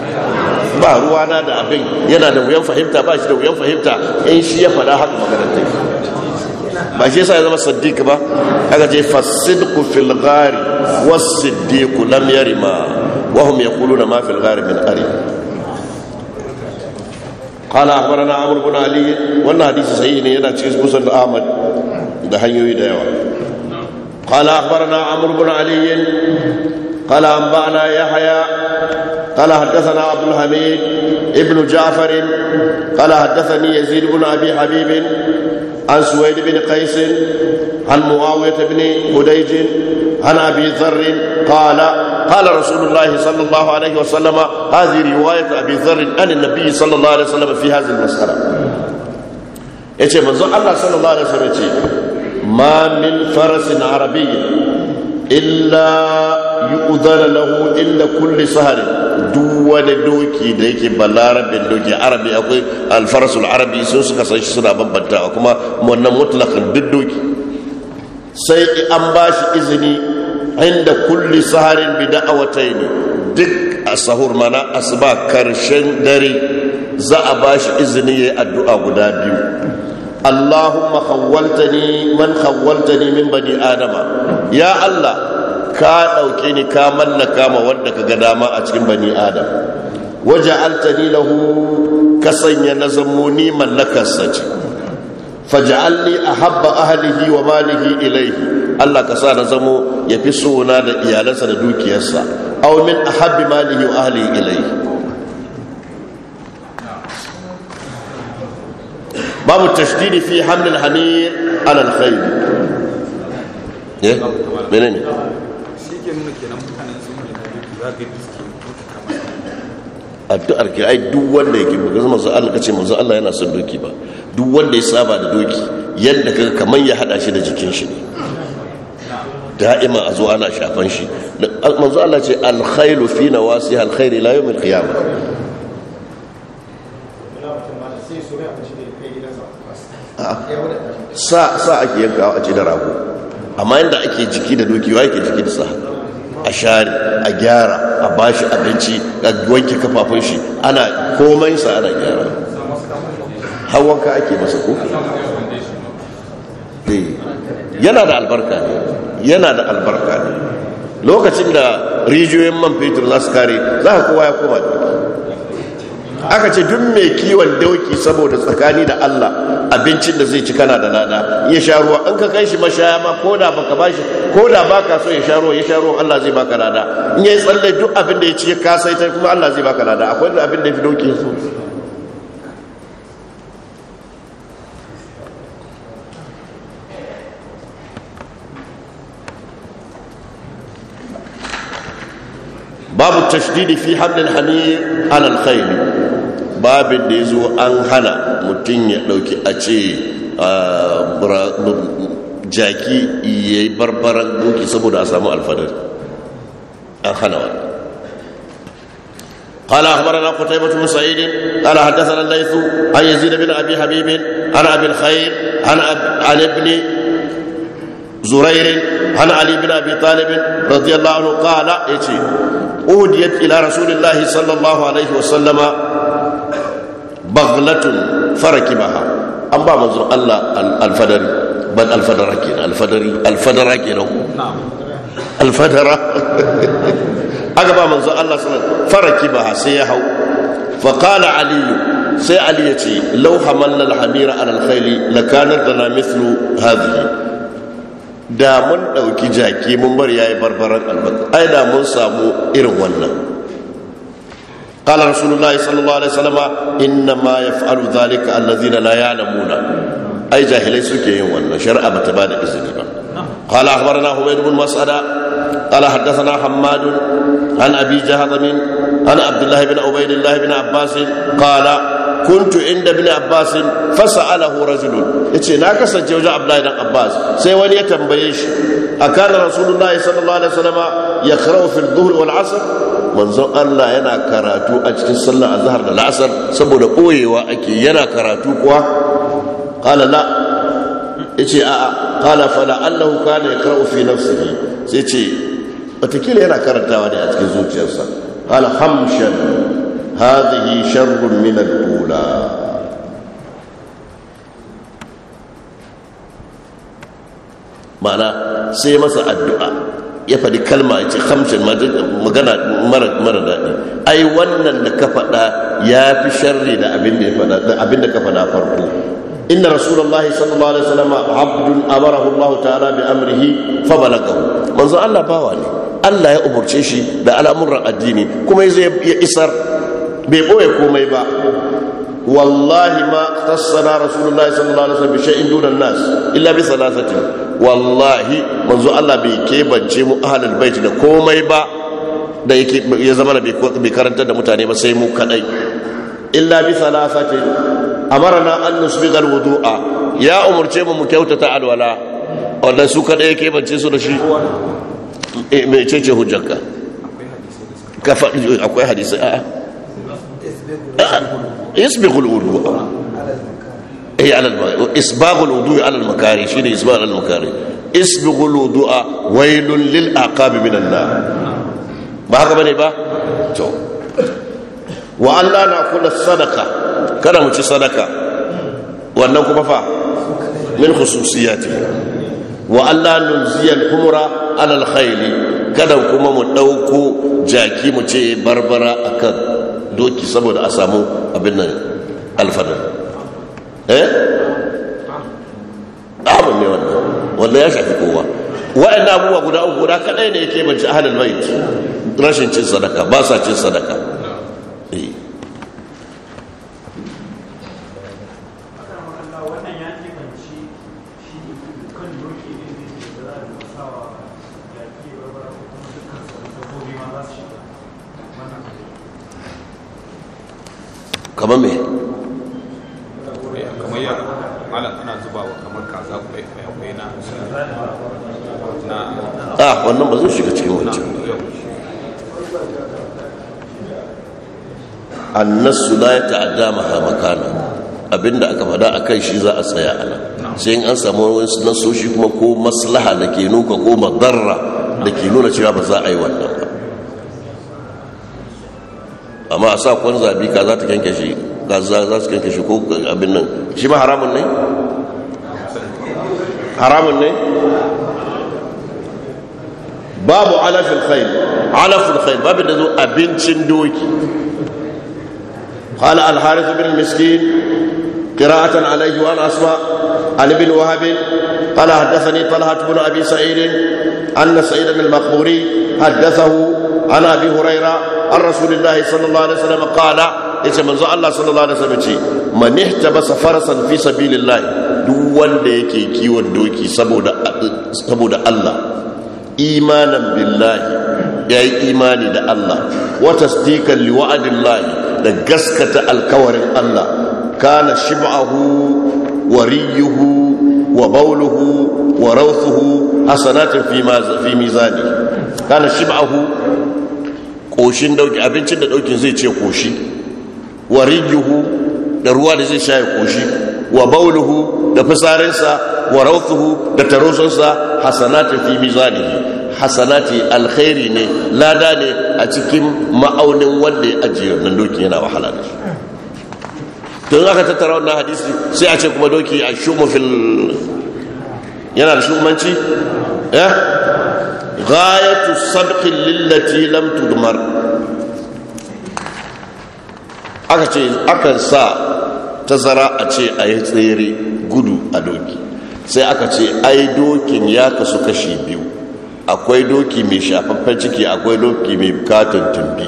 ba ruwana da abin yana da wuyan fahimta ba shi da wuyan fahimta in shi ya fada haka maganar ta ba shi yasa ya zama saddiq ba aka ce fasidqu fil ghari was-siddiq lam yarima wa hum yaquluna ma fil ghari min ari قال اخبرنا عمرو بن علي والحديث صحيح ne yana cikin musan da Ahmad da hanyoyi da قال أخبرنا عمرو بن علي قال أنبأنا يحيى قال حدثنا عبد الحميد ابن جعفر قال حدثني يزيد بن أبي حبيب عن سويد بن قيس عن معاوية بن هديج عن أبي ذر قال قال رسول الله صلى الله عليه وسلم هذه رواية أبي ذر عن النبي صلى الله عليه وسلم في هذه المسألة يتي منظر الله صلى الله عليه وسلم يتي ما من فرس عربي إلا يؤذن له إلا كل سهر دول دوكي ديكي بالعربي دوكي عربي أقول الفرس العربي سوسك سيشسنا ببنتا وكما من مطلقا بالدوكي سيئ أنباش إذني عند كل سهر بدعوتين دك sahur mana asuba karshen dare za a ba shi izini ya addu'a guda biyu اللهم خولتني من خولتني من بني آدم يا الله ka ɗauki ni ka mallaka ma wanda ka ga dama a cikin bani adam waje altani lahu ka sanya na zamo ni mallakarsa ce faj'alni ahabba ahlihi wa malihi ilaihi Allah ka sa na zamo ya fi sona da iyalansa da dukiyarsa aw min ahabbi malihi wa ahlihi ilaihi babu tashdidi fi hamlin hamir alal khayr ne menene addu'ar ki ai duk wanda yake ba zama manzo Allah kace manzo Allah yana son doki ba duk wanda ya saba da doki yadda kaga kaman ya hada shi da jikin shi ne da'ima a zo ana shafan shi manzo Allah ce alkhairu fi nawasiha alkhairi la yawmil qiyamah sa sa ake yanka a ce da rago amma yadda ake jiki da doki wa ake jiki da sa a share a gyara a bashi abinci a wanke kafafun shi ana komai sa ana gyara hawanka ake masa ko eh, yana da albarka ne yana da albarka ne lokacin da rijiyoyin man fetur za su kare za ka kowa ya koma doki aka ce duk mai kiwon dauki saboda tsakani da Allah abincin da zai ci kana da lada ya sha ruwa in ka kai shi mashaya ma ko da baka bashi ko da baka so ya sha ruwa ya sha ruwa Allah zai baka lada in yayi tsalle duk abin da ya ci ka sai ta kuma Allah zai baka lada akwai abin da ya fi dauki su. Babu التشديد في حمل الحمير على الخيل babin da ya zo an hana mutum ya dauki a ce jaki ya yi barbaran doki saboda a samu alfadar an hana wani قال اخبرنا قتيبة بن سعيد قال حدثنا الليث عن يزيد بن ابي حبيب عن ابي الخير عن عن ابن زرير عن علي بن ابي طالب رضي الله عنه قال اتي اوديت الى رسول الله صلى الله عليه وسلم baghlatun farakibaha an ba manzon Allah alfadari ban alfadara kenan alfadari alfadara kenan ko alfadara aka ba manzon Allah sallallahu farakibaha sai ya hau fa qala ali sai ali ya ce law hamalna alhamira ala alkhayli lakanat lana mithlu hadhihi da mun ɗauki jaki mun bar yayi barbaran albarka ai da mun samu irin wannan قال رسول الله صلى الله عليه وسلم إنما يفعل ذلك الذين لا يعلمون أي جاهلين سكيهم وأن شرع بتبادئ الزنبا قال أخبرنا هبيد بن مسعدة قال حدثنا حماد عن أبي جهضم عن عبد الله بن عبيد الله بن عباس قال kuntu inda bin abbas fas'alahu rajulun yace na kasance wajen abdullahi dan abbas sai wani ya tambaye shi akana rasulullahi sallallahu alaihi wasallam ya qara'u fil dhuhr wal asr manzon Allah yana karatu a cikin sallar azhar da la'asar saboda koyewa ake yana karatu kuwa qala la yace a'a qala fala allahu kana yaqra'u fi nafsihi sai ce watakila yana karantawa ne a cikin zuciyarsa qala hamshan هذه شر من الأولى معنى سيمس الدعاء ya faɗi kalma ya ce hamshin magana mara daɗi ai wannan da ka faɗa ya fi sharri da abin da ya faɗa da abin da ka faɗa farko inna rasulullahi sallallahu alaihi wasallam abdun amarahu Allah ta'ala bi amrihi fa balagahu manzo Allah bawa ne Allah ya umurce shi da al'amuran addini kuma yazo ya isar bai boye komai ba wallahi ma tassara rasulullahi sallallahu alaihi wasallam bi shay'in dunan nas illa bi salasati wallahi manzo Allah bai ke bance mu ahlul bait da komai ba da yake ya zama da bai karanta da mutane ba sai mu kadai illa bi salasati amarna an nusbiga alwudu'a ya umurce mu mu kyautata alwala wannan su kadai yake bance su da shi eh, mai cece ce hujjarka akwai hadisi a'a يسبغ الوضوء هي على الم... إسباغ الوضوء على المكاره شنو إسباغ على المكاره إسبغ الوضوء ويل للأعقاب من النار ما هذا بني با تو وأن لا نأكل الصدقة كان مش صدقة وأنه كما فا من خصوصياته وأن لا نلزي الحمر على الخيل كان كما مدوكو جاكي مجي بربرا أكد doki saboda a samu abin nan alfanar eh abin ne wannan wanda ya shafi kowa wa'in abubuwa guda uku guda kadai ne yake bance ahalin bait rashin cin sadaka ba sa cin sadaka kamar mai a wannan ba zai shiga cikin wancan annasu la ya ta'adda mahamakana abinda aka fada a kai shi za a tsaya ana sai an samu wani nasoshi kuma ko maslaha da ke nuka ko madarra da ke nuna cewa ba za a yi wannan amma a sa kwan zabi ka za ta kyanke shi ka za su kyanke shi ko abin nan shi ba haramun ne haramun ne babu alafin khair alafin khair babu da zo abincin doki قال الحارث بن المسكين قراءة عليه وعن أسماء عن ابن وهب قال حدثني طلحة بن أبي سعيد أن سعيد بن المقبوري حدثه عن أبي هريرة an rasulullahi sallallahu alaihi wasallam qala yace manzo Allah sallallahu alaihi wasallam ce man ihtabasa farasan fi sabilillah duk wanda yake kiwon doki saboda saboda Allah imanan billahi yayi imani da Allah wa tasdiqan li wa'dillahi da gaskata alkawarin Allah kana shib'ahu wariyuhu wa bauluhu wa rauthuhu hasanatan fi mizani kana shib'ahu koshin dauki abincin da daukin zai ce koshi wa rijuhu da ruwa da zai sha ya koshi wa bauluhu da fisarinsa wa rautuhu da tarosansa hasanatu fi mizanihi hasanati alkhairi ne lada ne a cikin ma'aunin wanda ya ajiye nan doki yana wahala da shi don aka tattara wannan hadisi sai a ce kuma doki a shumu yana da shumanci ya eh? lillati lam tudmar aka ce akan sa tazara a ce a yi tsere gudu a doki sai aka ce ai dokin ya kasu kashi biyu akwai doki mai shafaffen ciki akwai doki mai bukatun tumbi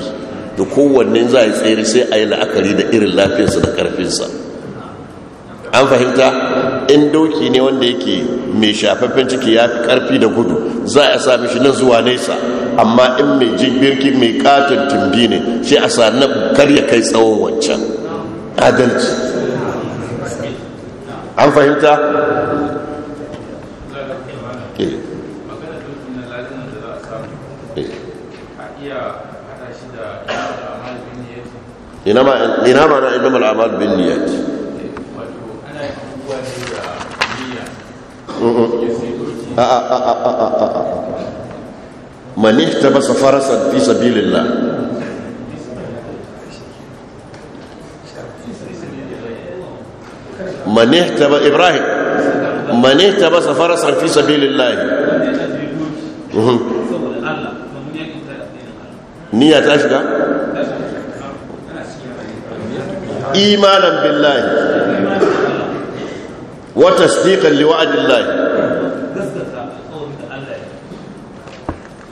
da kowanne za a yi tsere sai a yi la'akari da irin lafiyarsa da karfinsa an fahimta in doki ne wanda yake mai shafaffen ciki ya fi karfi da gudu za a sami shi nan zuwa nesa amma in mai jirgi mai katon tumbi ne shi a sa na karya kai tsawon wancan adalci an fahimta eh. Eh. ina ma na inama al'amal bin niyyati من احتبس فرسا في سبيل الله من احتبس ابراهيم من احتبس فرسا في سبيل الله نية أشدى إيمانا بالله wa tasdiqan li wa'dillahi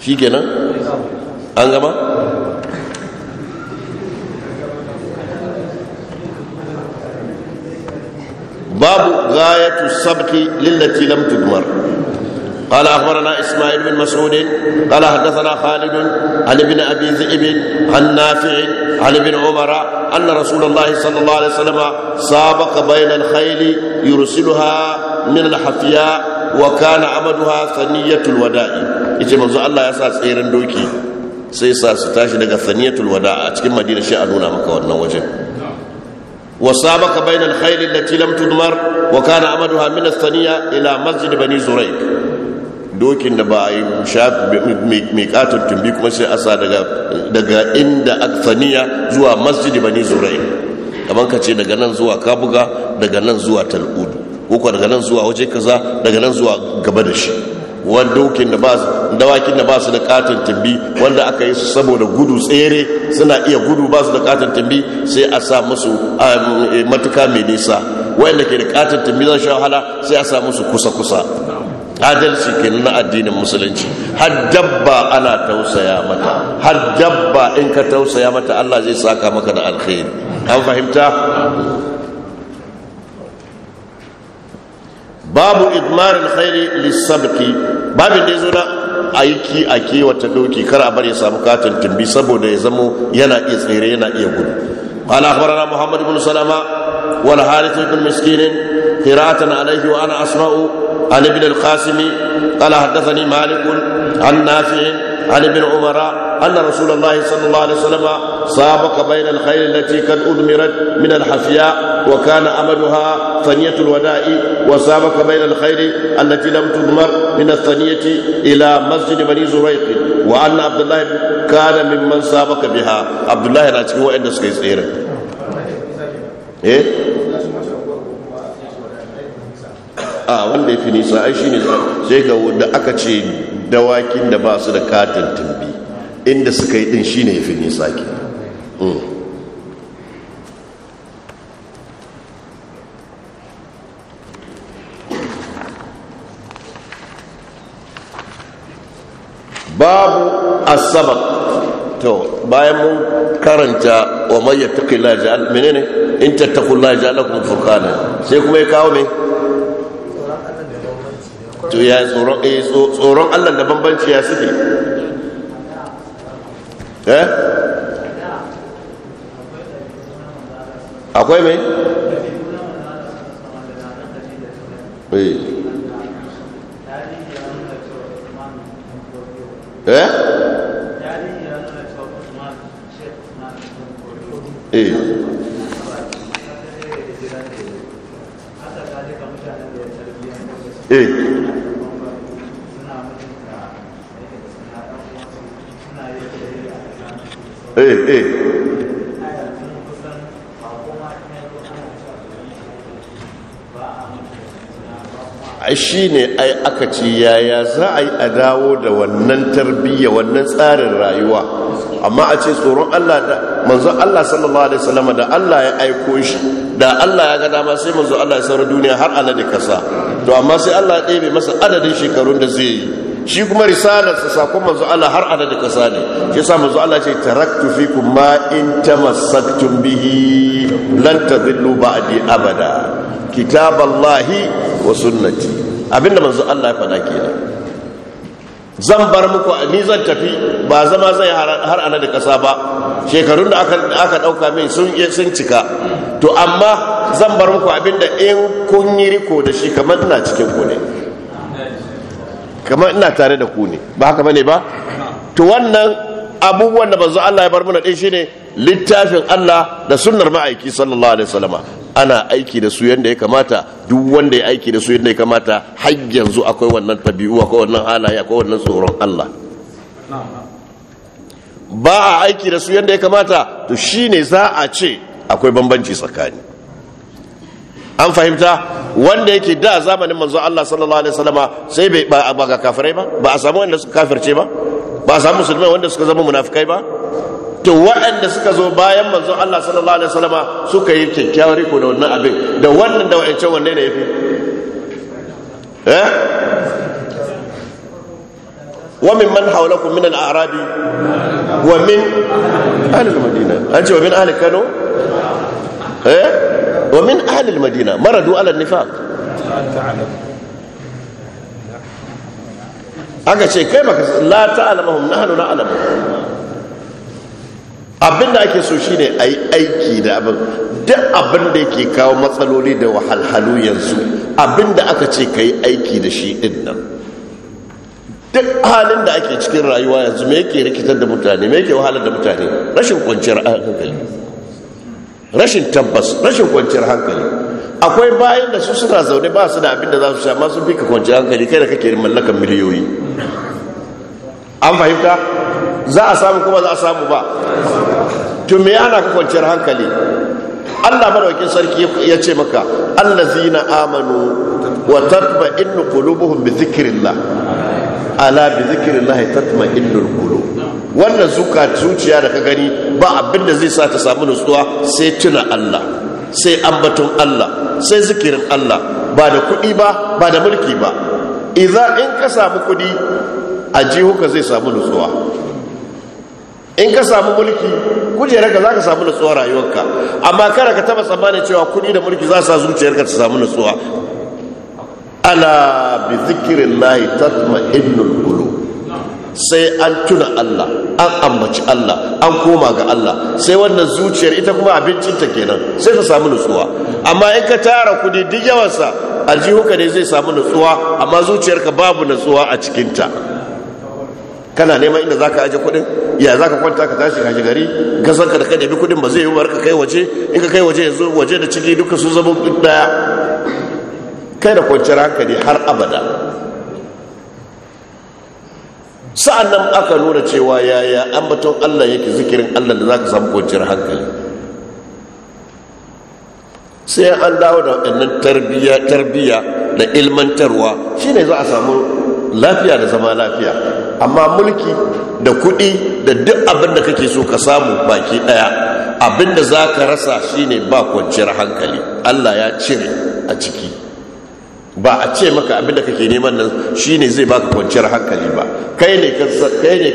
shikenan an gama babu ghayatu sabqi lillati lam tudmar قال اخبرنا اسماعيل بن مسعود قال حدثنا خالد عن ابن ابي ذئب عن نافع عن ابن عمر ان رسول الله صلى الله عليه وسلم سابق بين الخيل يرسلها من الحفياء وكان عمدها ثنيه الوداع يجي منذ الله يسا tsirin doki sai sa su tashi daga thaniyatul wada a cikin madina shi a nuna maka wannan wajen وسابق بين الخيل التي لم تدمر وكان عمدها من الثنية إلى مسجد بني زريق dokin da ba a yi mai katon tumbi kuma sai asa daga inda aksaniya zuwa masjidi bani zurai kamar ka ce daga nan zuwa kabuga daga nan zuwa tal'udu ko daga nan zuwa waje kaza daga nan zuwa gaba da shi wani dokin da ba dawakin da ba su da katon tumbi wanda aka yi su saboda gudu tsere suna iya gudu ba su da katon tumbi sai a sa musu um, eh, matuka mai nisa wanda ke da katon tumbi zan sha wahala sai a sa musu kusa-kusa adalci kenan na addinin musulunci har dabba ana tausaya mata har dabba in ka tausaya mata Allah zai saka maka da alkhairi an fahimta babu idmarin khairi lisabti babin da zo aiki a kewata doki kar a bar ya samu katin tumbi saboda ya zamo yana iya tsere yana iya gudu قال اخبرنا محمد بن سلمه والحارث بن مسكين قراءة عليه وانا عن ابن القاسم قال حدثني مالك عن نافع عن ابن عمر أن رسول الله صلى الله عليه وسلم سابق بين الخيل التي قد أدمرت من الحفياء وكان أمدها ثنية الوداع وسابق بين الخيل التي لم تدمر من الثنية إلى مسجد بني زريق وأن عبد الله كان ممن سابق بها عبد الله لا تكون وإن سكيس إيه a wanda ya fi nisa ai shi ne sai ga da aka ce dawakin da ba su da katin tumbi inda suka yi din shi ne ya fi nisa ke hmm. babu asaba to bayan mun karanta wa mai yattaqi la ja'al menene in laji ja'alakum furqana sai kuma ya kawo ne. to ya tsoron eh tsoron Allah da bambanci ya suke eh akwai mai shi ne ai aka ce yaya za a yi a dawo da wannan tarbiyya wannan tsarin rayuwa amma a ce tsoron Allah da manzon Allah sallallahu alaihi wasallam da Allah ya aiko shi da Allah ya ga dama sai manzon Allah ya saura duniya har ana da kasa to amma sai Allah ya ɗebe masa adadin shekarun da zai yi shi kuma risalarsa sakon manzo Allah har da kasa ne shi sa manzo Allah ce taraktu fikum ma in tamassaktum bihi lan tadillu ba'di abada kitaballahi wa sunnati abinda manzo Allah ya faɗa kenan zan bar muku ni zan tafi ba zama zai har ana da ƙasa ba shekarun da aka ɗauka min sun sun cika to amma zan bar muku abinda in kun yi riko da shi kamar ina cikin ku ne kamar ina tare da ku ne ba haka bane ba to wannan abubuwan da manzo Allah ya bar mana din shine littafin Allah da sunnar ma'aiki sallallahu alaihi wasallama ana aiki da su yadda ya kamata duk wanda ya aiki da su yadda ya kamata har yanzu akwai wannan tabi'u akwai wannan halaye akwai wannan tsoron Allah ba a aiki da su yadda ya kamata to shine za a ce akwai bambanci tsakani an fahimta wanda yake da zamanin manzo Allah sallallahu alaihi wasallama sai bai ba ga kafirai ba ba a samu wanda suka kafirce ba ba a samu musulmai wanda suka zama munafikai ba to waɗanda suka zo bayan manzon Allah sallallahu alaihi wasallama suka yi kyakkyawar riko da wannan abin da wannan da wa'ancan wanne ne yafi eh wa min man hawlakum min al-a'rabi wa min ahli al-madina an ce wa min ahli kano eh wa min ahli al-madina maradu ala an-nifaq aka ce kai baka la ta'lamuhum nahnu na'lamuhum abinda ake so shine a yi aiki da abin duk abin da yake kawo matsaloli da wahalhalu yanzu abinda aka ce ka yi aiki da shi din nan duk halin da ake cikin rayuwa yanzu me yake rikitar da mutane me yake wahalar da mutane rashin kwanciyar hankali rashin tabbas rashin kwanciyar hankali akwai bayan da su suna zaune ba su da abin da za su sha masu ka kwanciyar hankali kai da kake mallakar miliyoyi an fahimta za a samu kuma za a samu ba to ana yana kwanciyar hankali Allah madaukin sarki ya ce maka zina amanu wa inu kulubuhun bi zikirin la ala bi zikirin tatma inu kulu wannan zuka zuciya da ka gani ba abin da zai sa ta samu nutsuwa sai tuna Allah sai ambaton Allah sai zikirin Allah ba da kuɗi ba ba da mulki ba idan in ka samu kuɗi a jihuka zai samu nutsuwa in ka samu mulki kuje za ka samu nutsuwa rayuwarka amma kada ka taba tsammanin cewa kudi da mulki za su sa zuciyarka ta samu nutsuwa ala bi zikirin lahi tatma innul gulu sai an tuna allah an ambaci allah an koma ga allah sai wannan zuciyar ita kuma abincinta kenan sai ta samu nutsuwa amma in ka tara kudi duk yawansa aljihuka ne zai samu nutsuwa amma zuciyarka babu nutsuwa a cikinta kana neman inda zaka aje kudin ya zaka kwanta ka tashi kashi gari gasan ka da ka bi kudin ba zai yi ka kai waje in ka kai waje yanzu waje da ciki duka sun zama daya kai da kwanciyar hankali har abada sa'an nan aka nuna cewa yaya an ambaton allah yake zikirin allah da zaka samu kwanciyar hankali sai an dawo da wannan tarbiyya tarbiyya da ilmantarwa shine za a samu lafiya da zama lafiya amma mulki da kuɗi da duk abin da kake so ka samu baki ɗaya abin da za ka rasa shine ba kwanciyar hankali allah ya cire a ciki ba a ce maka abin da kake neman nan shine zai baka kwanciyar hankali ba kai ne kai ne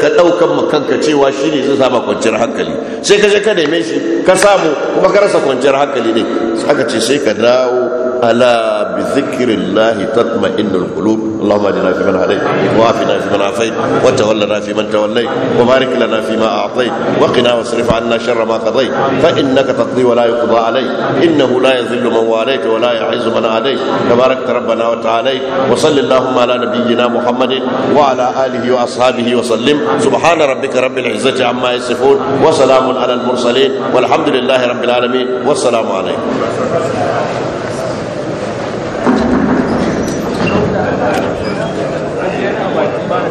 ka daukan ma kanka cewa shine zai sa sama kwanciyar hankali sai ka je ka neme shi ka samu kuma ka rasa kwanciyar hankali ne aka ce sai ka dawo ala bi zikrillah tatma'innul qulub allahumma ajina fi man hadayt wa afina fi man afayt wa tawallana fi man tawallay wa barik lana fi ma a'tayt wa qina wasrif 'anna sharra ma qadayt fa innaka taqdi wa la yuqda alayk innahu la yadhillu man walayt wa la yu'izzu man adayt تبارك ربنا وتعالى وصل اللهم على نبينا محمد وعلى آله وأصحابه وسلم سبحان ربك رب العزة عما يصفون وسلام على المرسلين والحمد لله رب العالمين والسلام عليكم